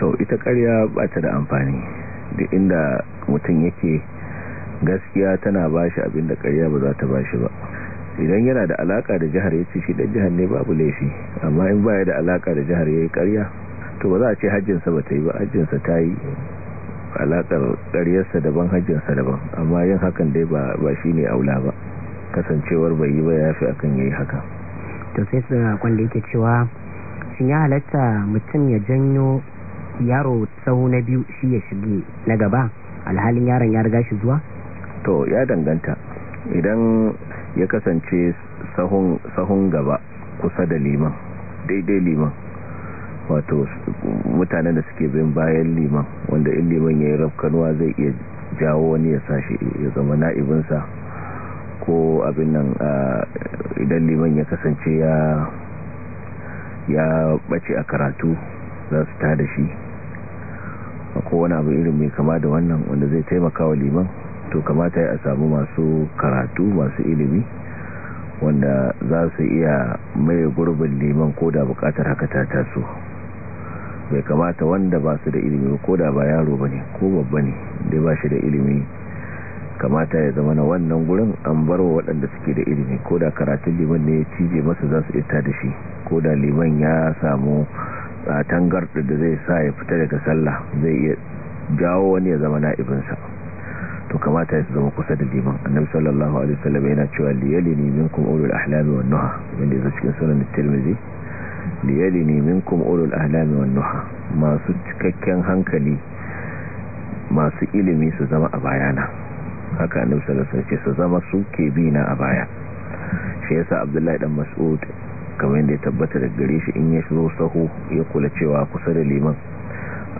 to ita karya ba ta da amfani da inda mutum yake gaskiya tana ba shi abinda karya ba za ta ba shi ba idan yana da alaka da jihar ya ci shi da jihar ne babu laifi amma in baya da alaka da jihar ya yi karya to ba za a ce hajjinsa ba ta yi ba hajjinsa ta yi alakar karyarsa daban hajjinsa daban amma yin hakan dai ba shi ne aula ba kasancewar bai yi ba ya fi akan ya yi haka to sai su kwallo yake cewa shi ya halatta mutum ya janyo yaro tsawo na biyu shi ya shige na gaba alhalin yaron ya riga shi zuwa to ya danganta idan ya kasance sahun gaba kusa da liman daidai liman wato mutanen da suke bin bayan liman wanda in liman ya yi rafkanuwa zai iya jawo wani ya sashi ya zama na'ibinsa ko abin nan idan liman ya kasance ya ya bace a karatu za su da shi ko wani abu irin mai kama da wannan wanda zai taimaka wa liman to kamata ya samu masu karatu masu ilimi wanda za su iya mai gurbin liman ko da bukatar haka ta taso bai kamata wanda ba su da ilimi ko da ba yaro ba ne ko babba ne da ba shi da ilimi kamata ya zama na wannan gurin an bar wa waɗanda suke da ilimi ko da karatun liman ne ya cije masa za su ita da shi ko da liman ya samu tangarɗa da zai sa ya fita daga sallah zai iya jawo wani ya zama na'ibinsa to kamata ya zama kusa da liman annabi sallallahu alaihi wasallam yana cewa min kuma ulul ahlami wan nuha wanda yake cikin sunan tirmidhi min kuma ulul ahlami wan nuha masu cikakken hankali masu ilimi su zama a bayana haka annabi sallallahu alaihi wasallam ce su zama su ke bina a baya shi yasa abdullahi dan mas'ud kamar yadda ya tabbata da gare shi in ya zo sahu ya kula cewa kusa da liman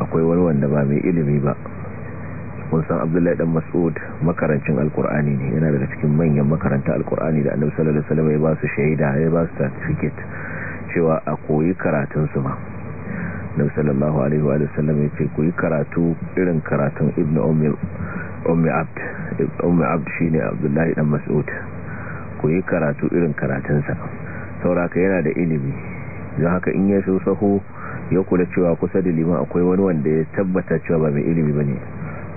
akwai wani wanda ba mai ilimi ba kun san abdullahi dan mas'ud makarancin alkur'ani ne yana daga cikin manyan makaranta alkur'ani da annabi sallallahu alaihi wasallam ya ba su shaida ya ba su certificate cewa a koyi karatun su ma annabi sallallahu alaihi wa sallam ya ce koyi karatu irin karatun ibnu ummi ummi abd ummi abd shine abdullahi dan mas'ud koyi karatu irin karatun sa. sauraka yana da ilimi don haka in ya so saho ya kula cewa kusa da liman akwai wani wanda ya tabbata cewa ba mai ilimi ba ne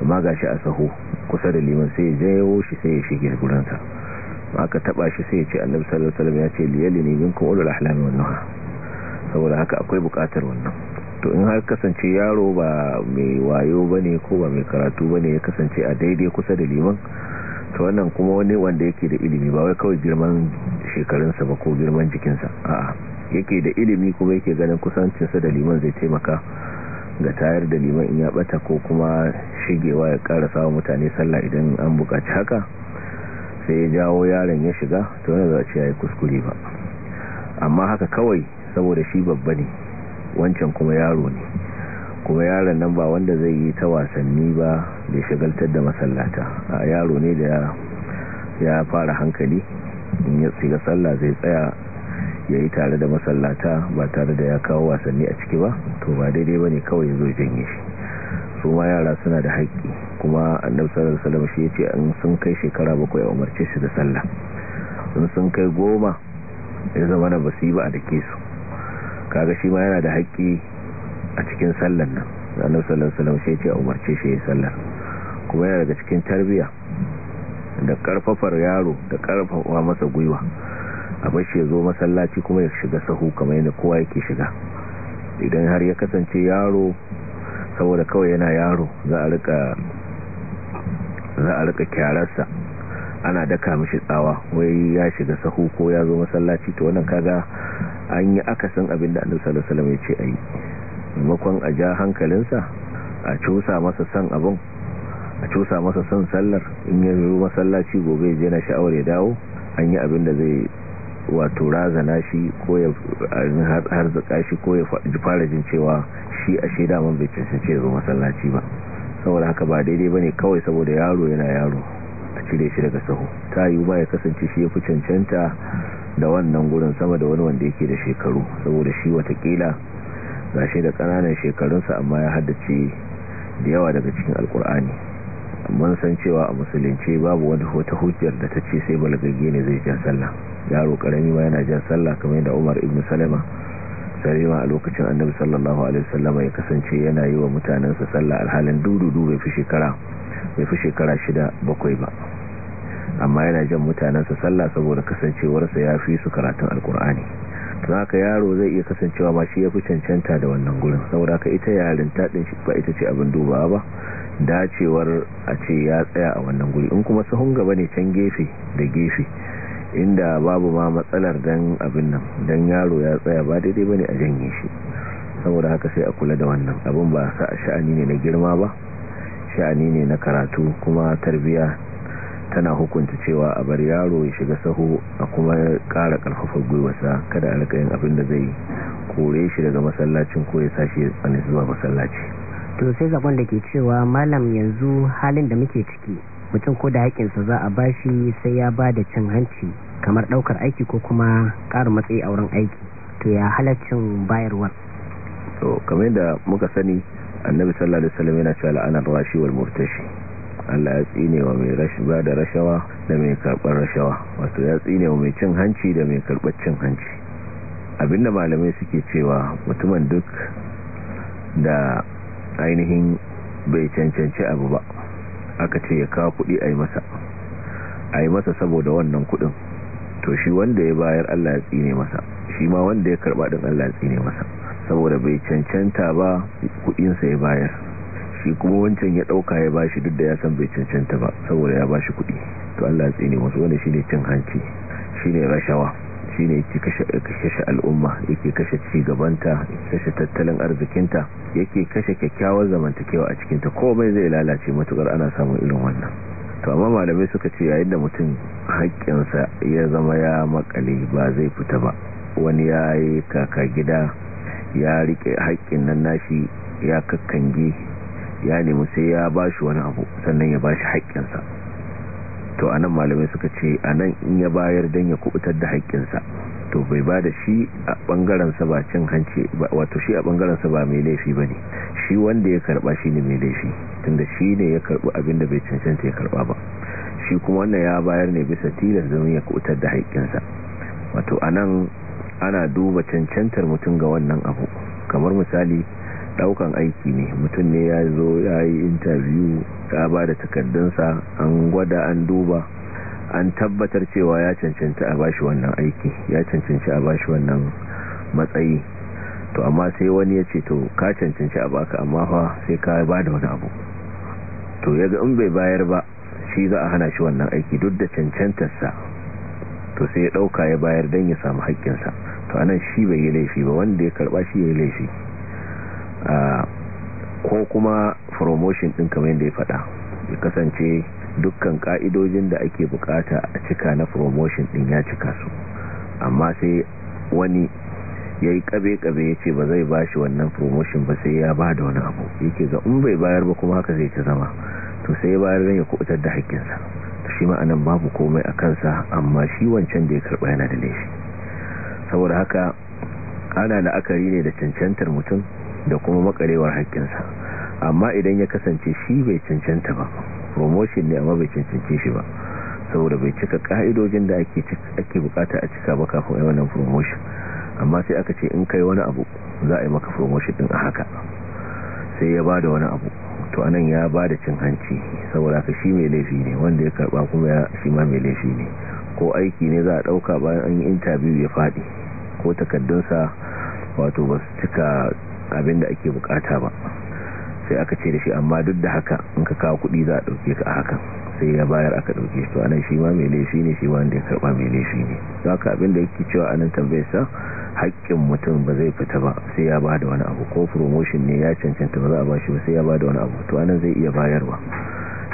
amma ga shi a saho kusa da liman sai ya jayo shi sai ya shige gurinsa aka taba shi sai ya ce annabi sallallahu alaihi wasallam ya ce liyali ne minkum ulul ahlam wan nuha saboda haka akwai bukatar wannan to in har kasance yaro ba mai wayo bane ko ba mai karatu bane ya kasance a daidai kusa da liman to wannan kuma wani wanda yake da ilimi ba wai kawai girman shekarunsa ba ko girman jikinsa a'a yake da ilimi kuma yake ganin kusancinsa da liman zai taimaka ga tayar da liman in ya bata ko kuma shigewa ya kara sawa mutane sallah idan an bukaci haka sai ya jawo yaron ya shiga to wannan za a ce ya yi kuskure ba amma haka kawai saboda shi babba ne wancan kuma yaro ne kuma yaron nan ba wanda zai yi ta wasanni ba da shagaltar da masallata a yaro ne da ya fara hankali in ya tsiga sallah zai tsaya ya yi tare da masallata ba tare da ya kawo wasanni a ciki ba to ba daidai ba ne kawai ya zo janye shi su ma yara suna da haƙƙi kuma annabi sallallahu alaihi shi shi ce an sun kai shekara bakwai a umarce shi da sallah in sun kai goma ya zama na basi ba a ke su kaga shi ma yana da haƙƙi a cikin sallar nan annabi sallar alaihi shi ce a umarce shi ya sallar kuma yana daga cikin tarbiya da karfafar yaro da karfafa masa gwiwa a bashi ya zo masallaci kuma ya shiga sahu kamar yadda kowa yake shiga idan har ya kasance yaro saboda kawai yana yaro za a rika kyararsa ana daka mashi tsawa wai ya shiga sahu ko ya zo masallaci to wannan kaga an yi akasin abin da annabi sallallahu alaihi wasallam ya ce ayi makon a ja hankalinsa a cusa masa san abin a cusa masa san sallar in ya zo masallaci gobe je na sha'awar ya dawo an yi abin da zai wato razana shi ko ya harzuka shi ko ya fara jin cewa shi a shaida man bai cancanci zo masallaci ba saboda haka ba daidai ba ne kawai saboda yaro yana yaro a cire shi daga saho ta yi ba ya kasance shi ya fi cancanta da wannan gurin sama da wani wanda yake da shekaru saboda shi watakila ga da kananan shekarunsa amma ya haddace da yawa daga cikin alkur'ani amma san cewa a musulunci babu wani wata hujjar da ta ce sai balagagge ne zai jan sallah yaro karami ma yana jan sallah kamar yadda umar ibn salama sarima a lokacin annabi sallallahu alaihi wasallama ya kasance yana yi wa mutanensa sallah alhalin dududu bai fi shekara bai fi shekara shida bakwai ba amma yana jan mutanensa sallah saboda kasancewarsa ya fi su karatun alkur'ani zaka ka yaro zai iya kasancewa ba shi ya fi cancanta da wannan gurin saboda haka ita yarinta din shi ba ita ce abin dubawa ba dacewar a ce ya tsaya a wannan guri in kuma sahun gaba ne can gefe da gefe inda babu ma matsalar dan abin nan dan yaro ya tsaya ba daidai bane a janye shi saboda haka sai a kula da wannan abin ba sa sha'ani ne na girma ba sha'ani ne na karatu kuma tarbiya tana hukunta cewa a bar yaro ya shiga saho a kuma ƙara ƙarfafa gwiwarsa kada a rika abin da zai kore shi daga masallacin ko ya sashi ya tsani zuwa masallaci to sai zaɓen da ke cewa malam yanzu halin da muke ciki mutum ko da haƙinsa za a ba shi sai ya ba da cin hanci kamar ɗaukar aiki ko kuma ƙara matsayi a wurin aiki to ya halaccin bayarwar to kamar da muka sani annabi sallallahu alaihi wasallam yana cewa la'anar rashi wal murtashi Allah ya tsine wa mai ba da rashawa da mai karɓar rashawa wato ya tsine wa mai cin hanci da mai karɓar cin hanci abinda malamai suke cewa mutumin duk da ainihin bai cancanci abu ba aka ce ya kawo kuɗi a yi masa a yi masa saboda wannan kuɗin to shi wanda ya bayar Allah ya tsine masa shi ma wanda ya karɓa ɗin Allah ya tsine masa saboda bai cancanta ba kuɗinsa ya bayar shi kuma wancan ya dauka ya bashi duk da ya san bai cancanta ba saboda ya bashi kuɗi to Allah ya tsine wasu wani shine cin hanci shine rashawa shine yake kashe kashe al'umma yake kashe ci gabanta yake kashe tattalin arzikinta yake kashe kyakkyawar zamantakewa a cikin cikinta komai zai lalace matukar ana samun irin wannan to amma malamai suka ce yayin da mutum haƙƙinsa ya zama ya makale ba zai fita ba wani ya kaka gida ya rike haƙƙin nan nashi ya kakkange ya nemi sai ya ba shi wani abu sannan ya ba bashi haƙƙinsa to a nan malamai suka ce a nan in ya bayar don ya kubutar da haƙƙinsa to bai ba da shi a bangaren ba cin hanci wato shi a ba mai laifi ba ne shi wanda ya karba shi ne mai laifi tunda shi ne ya karbi abin da bai cancanta ya karba ba shi kuma wannan ya bayar ne bisa tilas domin ya kubutar da haƙƙinsa wato a nan ana duba cancantar mutum ga wannan abu kamar misali daukan aiki ne mutum ne ya zo ya yi interview ta ba da takardunsa an gwada an duba an tabbatar cewa ya cancanta a bashi wannan aiki ya cancanci a bashi wannan matsayi to amma sai wani ya ce to ka cancanci a baka amma fa sai ka ba da wani abu to ya ga in bai bayar ba shi za a hana shi wannan aiki duk da cancantarsa to sai ya dauka ya bayar don ya samu haƙƙinsa to anan shi bai yi laifi ba wanda ya karba shi ya yi laifi ko kuma promotion din kamar yadda ya faɗa ya kasance dukkan ka'idojin da ake bukata a cika na promotion din ya cika su amma sai wani ya yi kabe-kabe ya ce ba zai ba shi wannan promotion ba sai ya ba da wani abu yake ga un bai bayar ba kuma haka zai ci zama to sai ya bayar zai ya kubutar da haƙƙinsa shi ma'anan babu komai a kansa amma shi wancan da ya karɓa yana da laifi saboda haka ana la'akari ne da cancantar mutum da kuma makarewar haƙƙinsa amma idan ya kasance shi bai cancanta ba promotion ne amma bai cancance shi ba saboda bai cika ka'idojin da ake bukata a cika ba kafin yi wannan promotion amma sai aka ce in kai wani abu za a yi maka promotion din a haka sai ya ba da wani abu to anan ya bada cin hanci saboda haka shi mai laifi ne wanda ya karba kuma ya shi ma mai laifi ne ko aiki ne za a dauka bayan an yi interview ya fadi ko takaddunsa wato ba su cika abin da ake bukata ba sai aka ce da shi amma duk da haka in ka kawo kuɗi za a dauke ka a hakan sai ya bayar aka dauke su to anan shi ma mai laifi ne shi wanda ya karba mai laifi ne za ka abin da yake cewa anan tambayar sa haƙƙin mutum ba zai fita ba sai ya bada wani abu ko promotion ne ya cancanta ba za a bashi ba sai ya bada wani abu to anan zai iya bayarwa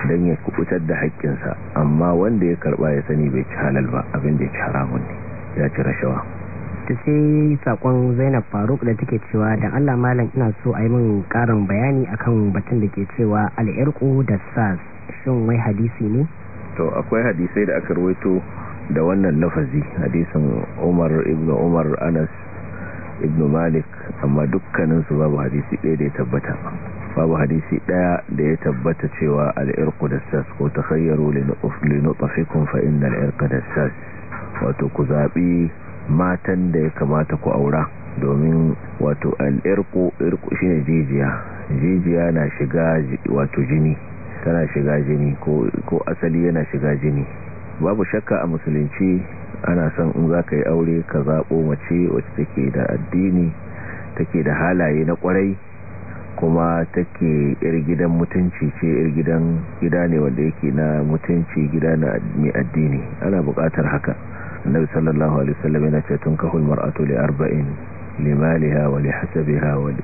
don ya kubutar da haƙƙinsa amma wanda ya karba ya sani bai ci halal ba abin da ya ci haramun ne ya ci rashawa to sai sakon zainab faruk da take cewa da allah malam ina so a yi min karin bayani akan batun da ke cewa al'irku da sars shin wai hadisi ne to akwai hadisai da aka rawaito da wannan lafazi hadisin umar ibn umar anas ibn malik amma dukkaninsu babu hadisi ɗaya da ya tabbata babu hadisi ɗaya da ya tabbata cewa al'irku da sas ko ta khayyaru linuɓafikun fa'in al'irka da sas wato ku zaɓi matan da ya kamata ku aura domin wato al'irku irku shine jijiya jijiya na shiga wato jini tana shiga jini ko asali yana shiga jini babu shakka a musulunci ana son in za ka yi aure ka zaɓo mace wacce take da addini take da halaye na kwarai kuma take yar gidan mutunci ce ƴar gidan gida ne wanda yake na mutunci gida na mai addini ana buƙatar haka annabi sallallahu alaihi wasallam yana ce tun kahul mar'atu li arba'in limaliha wa li hasabiha wa li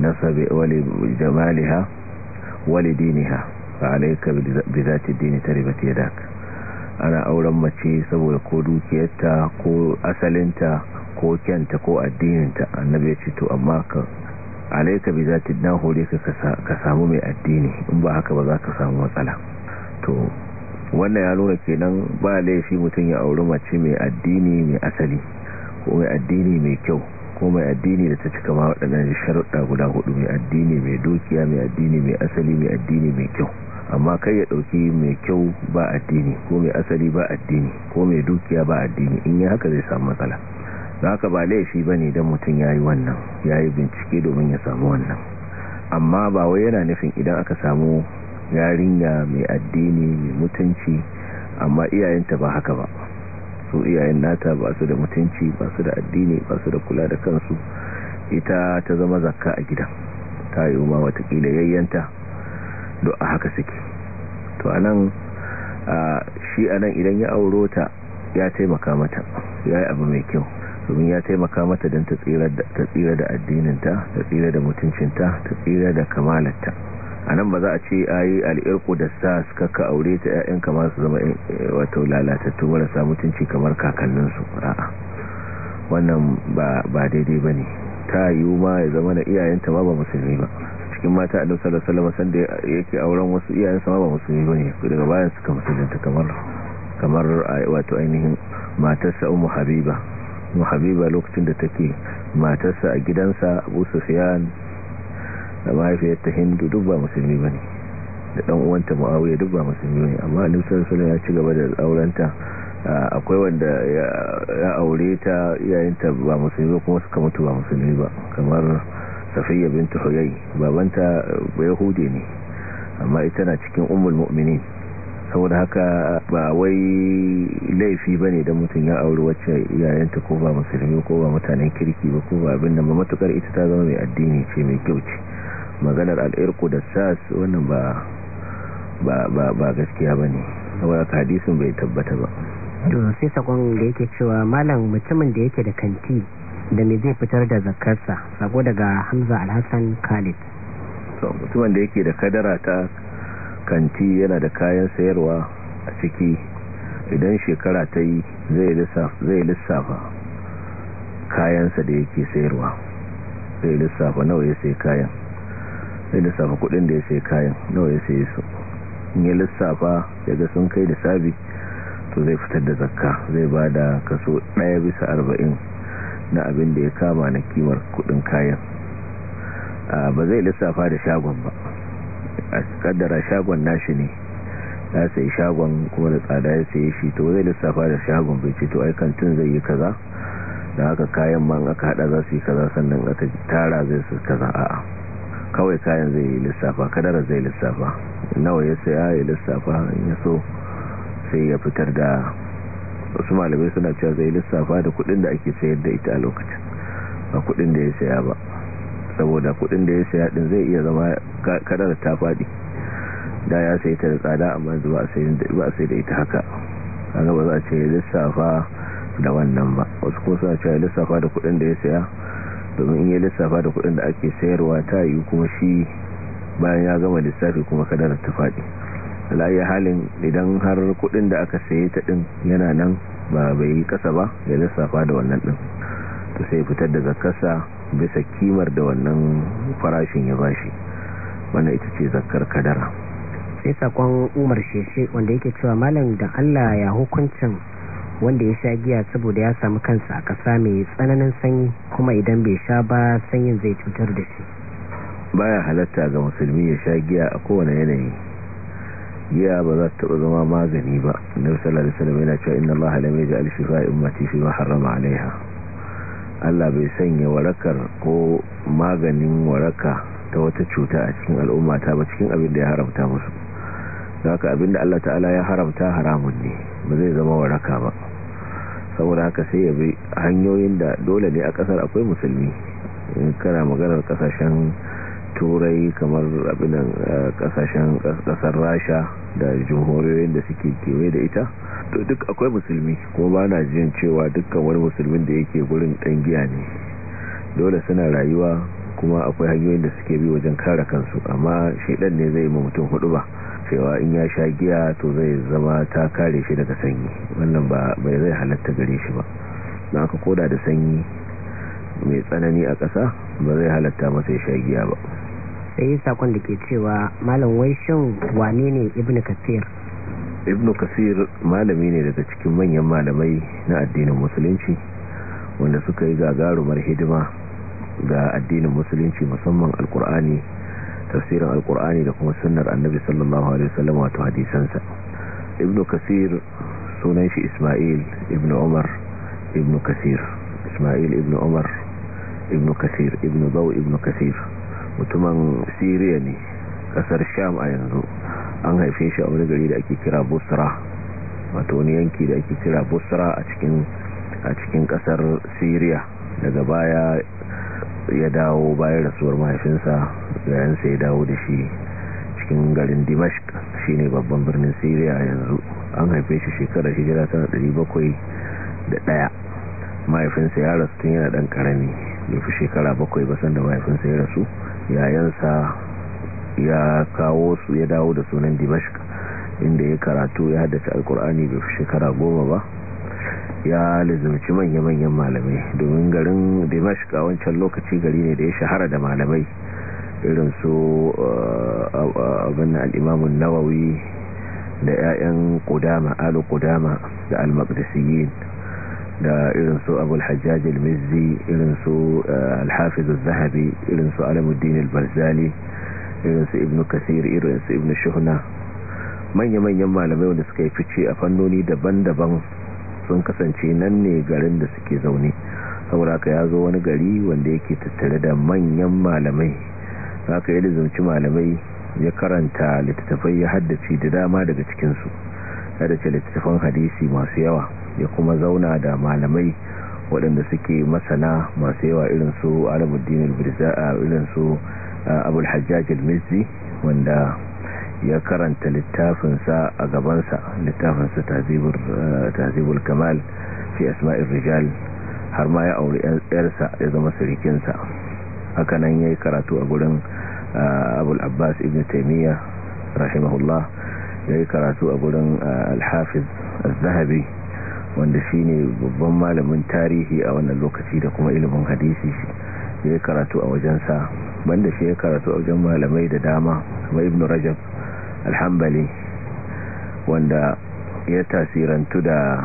nasabi wa li jamaliha wa li diniha fa alayka bi zati dini taribat yadak ana auren mace saboda ko dukiyarta ko asalinta ko kyanta ko addininta annabi ya ce to amma ka alayka bi zati dan hore ka ka samu mai addini in ba haka ba za ka samu matsala to wannan ya nuna kenan ba laifi mutum ya auri mace mai addini mai asali ko mai addini mai kyau ko mai addini da ta cika ma waɗannan sharuɗa guda hudu mai addini mai dukiya mai addini mai asali mai addini mai kyau amma kai ya ɗauki mai kyau ba addini ko mai asali ba addini ko mai dukiya ba addini in yi haka zai samu matsala haka ba laifi ba ne don mutum ya yi wannan ya yi bincike domin ya samu wannan amma ba wai yana nufin idan aka samu yarinya mai addini mai mutunci amma iyayenta ba haka ba su iyayen nata ba su da mutunci ba su da addini ba su da kula da kansu ita ta zama zakka a gidan ta yi umar watakila yayyanta duk a haka suke to anan shi anan idan ya auro ta ya taimaka mata ya yi abu mai kyau domin ya taimaka mata don ta tsira da addininta ta tsira da mutuncinta ta tsira da kamalarta a nan ba za a ce ayi al'irku da sas kaka aure ta 'ya'yanka su zama eh, eh, wata lalatattu marasa mutunci kamar kakanninsu a'a wannan ba daidai ba ne ta yiwu ma ya zama na iyayenta ma ba musulmi ba cikin mata a da salama sanda yake auren wasu iyayensa ma ba musulmi ba ne daga bayan suka musulunta kamar eh, wato ainihin matarsa umu habiba umu habiba lokacin da take matarsa a gidansa abu sufiyan da ta hindu duk ba musulmi ba ne da ɗan uwanta muawiya duk ba musulmi ba ne amma annabi suna ya ci gaba da aurenta akwai wanda ya aure ta iyayenta ba musulmi ba kuma suka mutu ba musulmi ba kamar safiya bintu huyay babanta ba yahudi ne amma ita na cikin umar mu'minin saboda haka ba wai laifi ba ne da mutum ya auri wacce iyayenta ko ba musulmi ko ba mutanen kirki ba ko ba abin da matukar ita ta zama mai addini ce mai kyau ce maganar al'irku da sas wannan ba ba gaskiya ba ne saboda hadisun bai tabbata ba to sai sakon da yake cewa malam mutumin da yake da kanti da me zai fitar da zakarsa sako daga hamza alhassan khalid to mutumin da yake da kadara ta kanti yana da kayan sayarwa a ciki idan shekara ta yi zai lissafa kayansa da yake sayarwa zai lissafa nawa ya sai kayan da samu kudin da ya sai kayan nawa ya sai su in yi lissafa ya ga sun kai da sabi to zai fitar da zakka zai ba da kaso ɗaya bisa arba'in na abin da ya kama na kimar kudin kayan ba zai lissafa da shagon ba a kaddara shagon nashi ne ya sai shagon kuma da tsada ya sai shi to zai lissafa da shagon bai ce to kantin zai yi kaza da haka kayan man aka hada za su yi kaza sannan aka tara zai su kaza a'a kawai kayan zai yi lissafa kadara zai lissafa nawa ya saya ya lissafa ya so sai ya fitar da wasu malamai suna cewa zai lissafa da kudin da ake sayar da ita a lokacin ba kudin da ya saya ba saboda kudin da ya saya din zai iya zama kadara ta faɗi da ya sai ta da tsada amma ba a sai da ita haka kaga ba za a ce lissafa da wannan ba wasu kuma suna cewa lissafa da kudin da ya saya domin in ya lissafa da kudin da ake sayarwa ta yi kuma shi bayan ya gama lissafi kuma kadarar ta faɗi ala'ayyar halin idan har kudin da aka saye ta ɗin yana nan ba bai yi ƙasa ba ya lissafa da wannan ɗin ta sai fitar da zakarsa bisa kimar da wannan farashin ya bashi wannan ita ce zakar kadara sai sakon umar sheshe wanda yake cewa malam da allah ya hukuncin wanda ya sha giya saboda ya samu kansa a ƙasa mai tsananin sanyi kuma idan bai sha ba sanyin zai cutar da shi baya halatta ga musulmi ya sha giya a kowane yanayi giya ba za ta taɓa zama magani ba na sallar da wasallam yana cewa inna allaha lam yaj'al shifa'a mati fi ma harrama alaiha Allah bai sanya warakar ko maganin waraka ta wata cuta a cikin al'umma ta ba cikin abin da ya haramta musu haka abin da Allah ta'ala ya haramta haramun ne ba zai zama waraka ba saboda haka sai ya bi hanyoyin da dole ne a kasar akwai musulmi in kana maganar kasashen turai kamar abinan kasashen eh, kasar rasha da jumhuriyoyin da suke kewaye da ita to duk akwai musulmi kuma ba na jin cewa dukkan wani musulmin da yake gurin dan giya ne dole suna rayuwa kuma akwai hanyoyin da suke bi wajen kare kansu amma shaidan ne zai yi mutum hudu ba cewa in ya sha giya to zai zama ta kare shi daga sanyi wannan ba bai zai halatta gare shi ba na aka koda da sanyi mai tsanani a ƙasa ba zai halatta masa ya sha giya ba sai yi sakon da ke cewa malam wai shan wane ne ibn kasir ibn kasir malami ne daga cikin manyan malamai na addinin musulunci wanda suka yi gagarumar hidima ga addinin musulunci musamman alkur'ani tafsirin alkur'ani da kuma sunnar annabi sallallahu alaihi wasallam wato hadisansa ibnu kasir sunan shi isma'il ibn umar ibn kasir isma'il ibn umar kasir zaw kasir mutumin siriya ne kasar sham a yanzu an haife shi a wani gari da ake kira busra wato wani yanki da ake kira busra a cikin a cikin kasar siriya daga baya ya dawo bayan rasuwar mahaifinsa yayansa ya dawo da shi cikin garin dimashq ne babban birnin syria yanzu an haife shi shekarar hijira tana 701 mahaifinsa ya rasu tun yana dan karami bai fi shekara bakwai ba sanda mahaifinsa ya rasu yayansa ya kawo su ya dawo da sunan dimashq inda ya karatu ya haddace alkur'ani bai fi shekara goma ba ya lizumci manya-manyan malamai domin garin dimashq wancan lokaci gari ne da ya shahara da malamai irin su uh, uh, abin al'imamun nawawi da 'ya'yan kudama alu kudama da al-maqdisiyin da irin su abul hajjaj al-mizzi irin su uh, al-hafiz zahabi irin su alamuddin al-barzali irin su ibnu kasir irin su ibnu shuhna manya-manyan malamai wanda suka yi fice a fannoni daban-daban sun kasance nan ne garin da suke zaune saboda ka ya zo wani gari wanda yake tattare da manyan malamai haka ya lizumci malamai ya karanta littattafai ya haddace da dama daga cikinsu ya dace littattafan hadisi masu yawa ya kuma zauna da malamai waɗanda suke masana masu yawa irin su alamuddin albirza'a irin su ah, abul hajjaj al-mizzi wanda ya karanta littafinsa a gabansa littafinsa eh, tazibul kamal fi asma'ir rijal har ma ya auri yarsa ya zama sirikinsa hakanan ya yi karatu a gurin eh, abul abbas ibn taimiyya rahimahullah ya yi karatu a gurin eh, alhafiz zahabi wanda shi ne babban malamin tarihi a wannan lokaci da kuma ilimin hadisi ya yi karatu a wajensa banda shi ya karatu a wajen malamai da dama kama ibn rajab alhambali wanda ya tasirantu da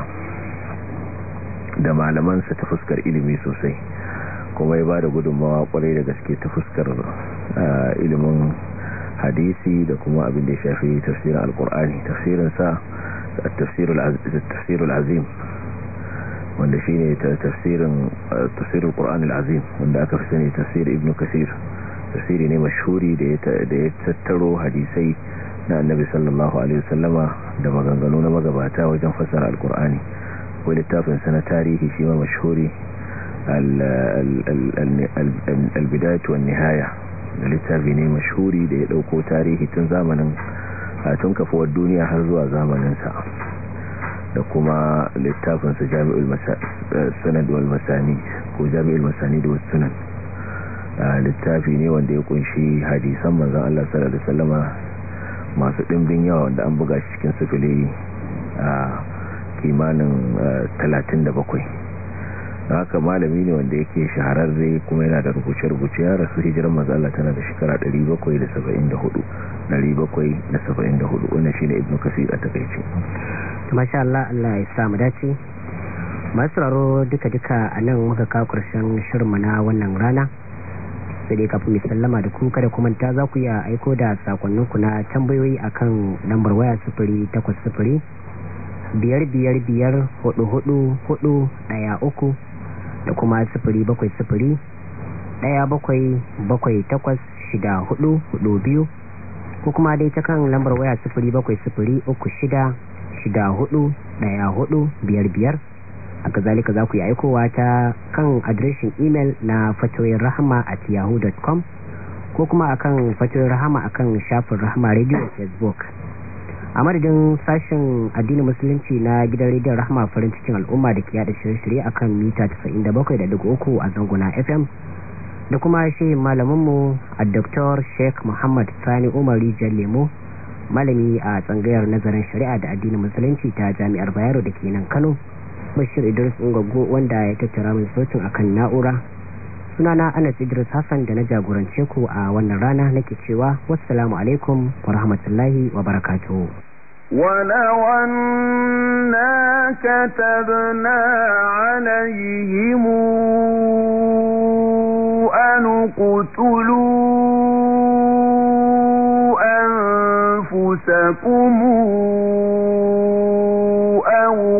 da malamansa ta fuskar ilimi sosai kuma ya ba da gudunmawa kwarai da gaske ta fuskar eh, ilimin hadisi da kuma abin da ya shafi tafsirin alkur'ani tafsirinsa tafsirul azim wanda shi ne tafsirin eh, tafsirin ƙoran azim wanda aka fi sani tafsir ibnu kasir tafsiri ne mashuri da ya tattaro hadisai na annabi sallallahu alaihi wasallama da maganganu na magabata wajen fassara alkur'ani ko littafin sa na tarihi shi ma mashhuri al-bidayatu wan-nihaya da littafi ne mashhuri da ya dauko tarihi tun zamanin tun kafuwar duniya har zuwa zamanin sa da kuma littafin sa jami'ul sanad wal masani ko jami'ul masani da sunan littafi ne wanda ya kunshi hadisan manzon Allah sallallahu alaihi wasallama masu ɗimbin yawa wanda an buga shi cikin sifili a kimanin 37 haka malami ne wanda yake shahararre kuma yana da rubuce-rubuce ya rasu hijirar mazala tana da shekara 774 wani shi ne ibnu kasir a takaici masha Allah Allah ya samu dace masu raro duka-duka a nan muka kawo ƙarshen shirma na wannan rana sai dai kafin mu sallama da ku kada ku manta za ku iya aiko da sakonninku na tambayoyi akan lambar waya 0800 biyar biyar biyar hudu hudu hudu daya uku da kuma sifiri bakwai sifiri daya bakwai bakwai takwas shida hudu hudu biyu ko kuma dai ta kan lambar waya sifiri bakwai sifiri uku shida shida hudu daya hudu biyar biyar haka zalika za ku yi aikowa ta kan adireshin imel na fatoyin rahama at yahoo.com ko kuma akan fatoyin rahama akan shafin rahama radio facebook a madadin sashen addinin musulunci na gidan rediyon rahama farin cikin al'umma da ke yada shirye-shirye kan mita 97.3 a zanguna fm da kuma shi malaminmu a dr sheik muhammad sani umar jan lemo malami a tsangayar nazarin shari'a da addinin musulunci ta jami'ar bayero da ke nan kano bashir idris ungwaggo wanda ya tattara min sautin kan na'ura sunana anas idris hassan da na jagorance ku a wannan rana nake cewa wassalamu alaikum wa rahmatullahi wa barakatuhu ولو أنا كتبنا عليهم أن an أنفسكم أو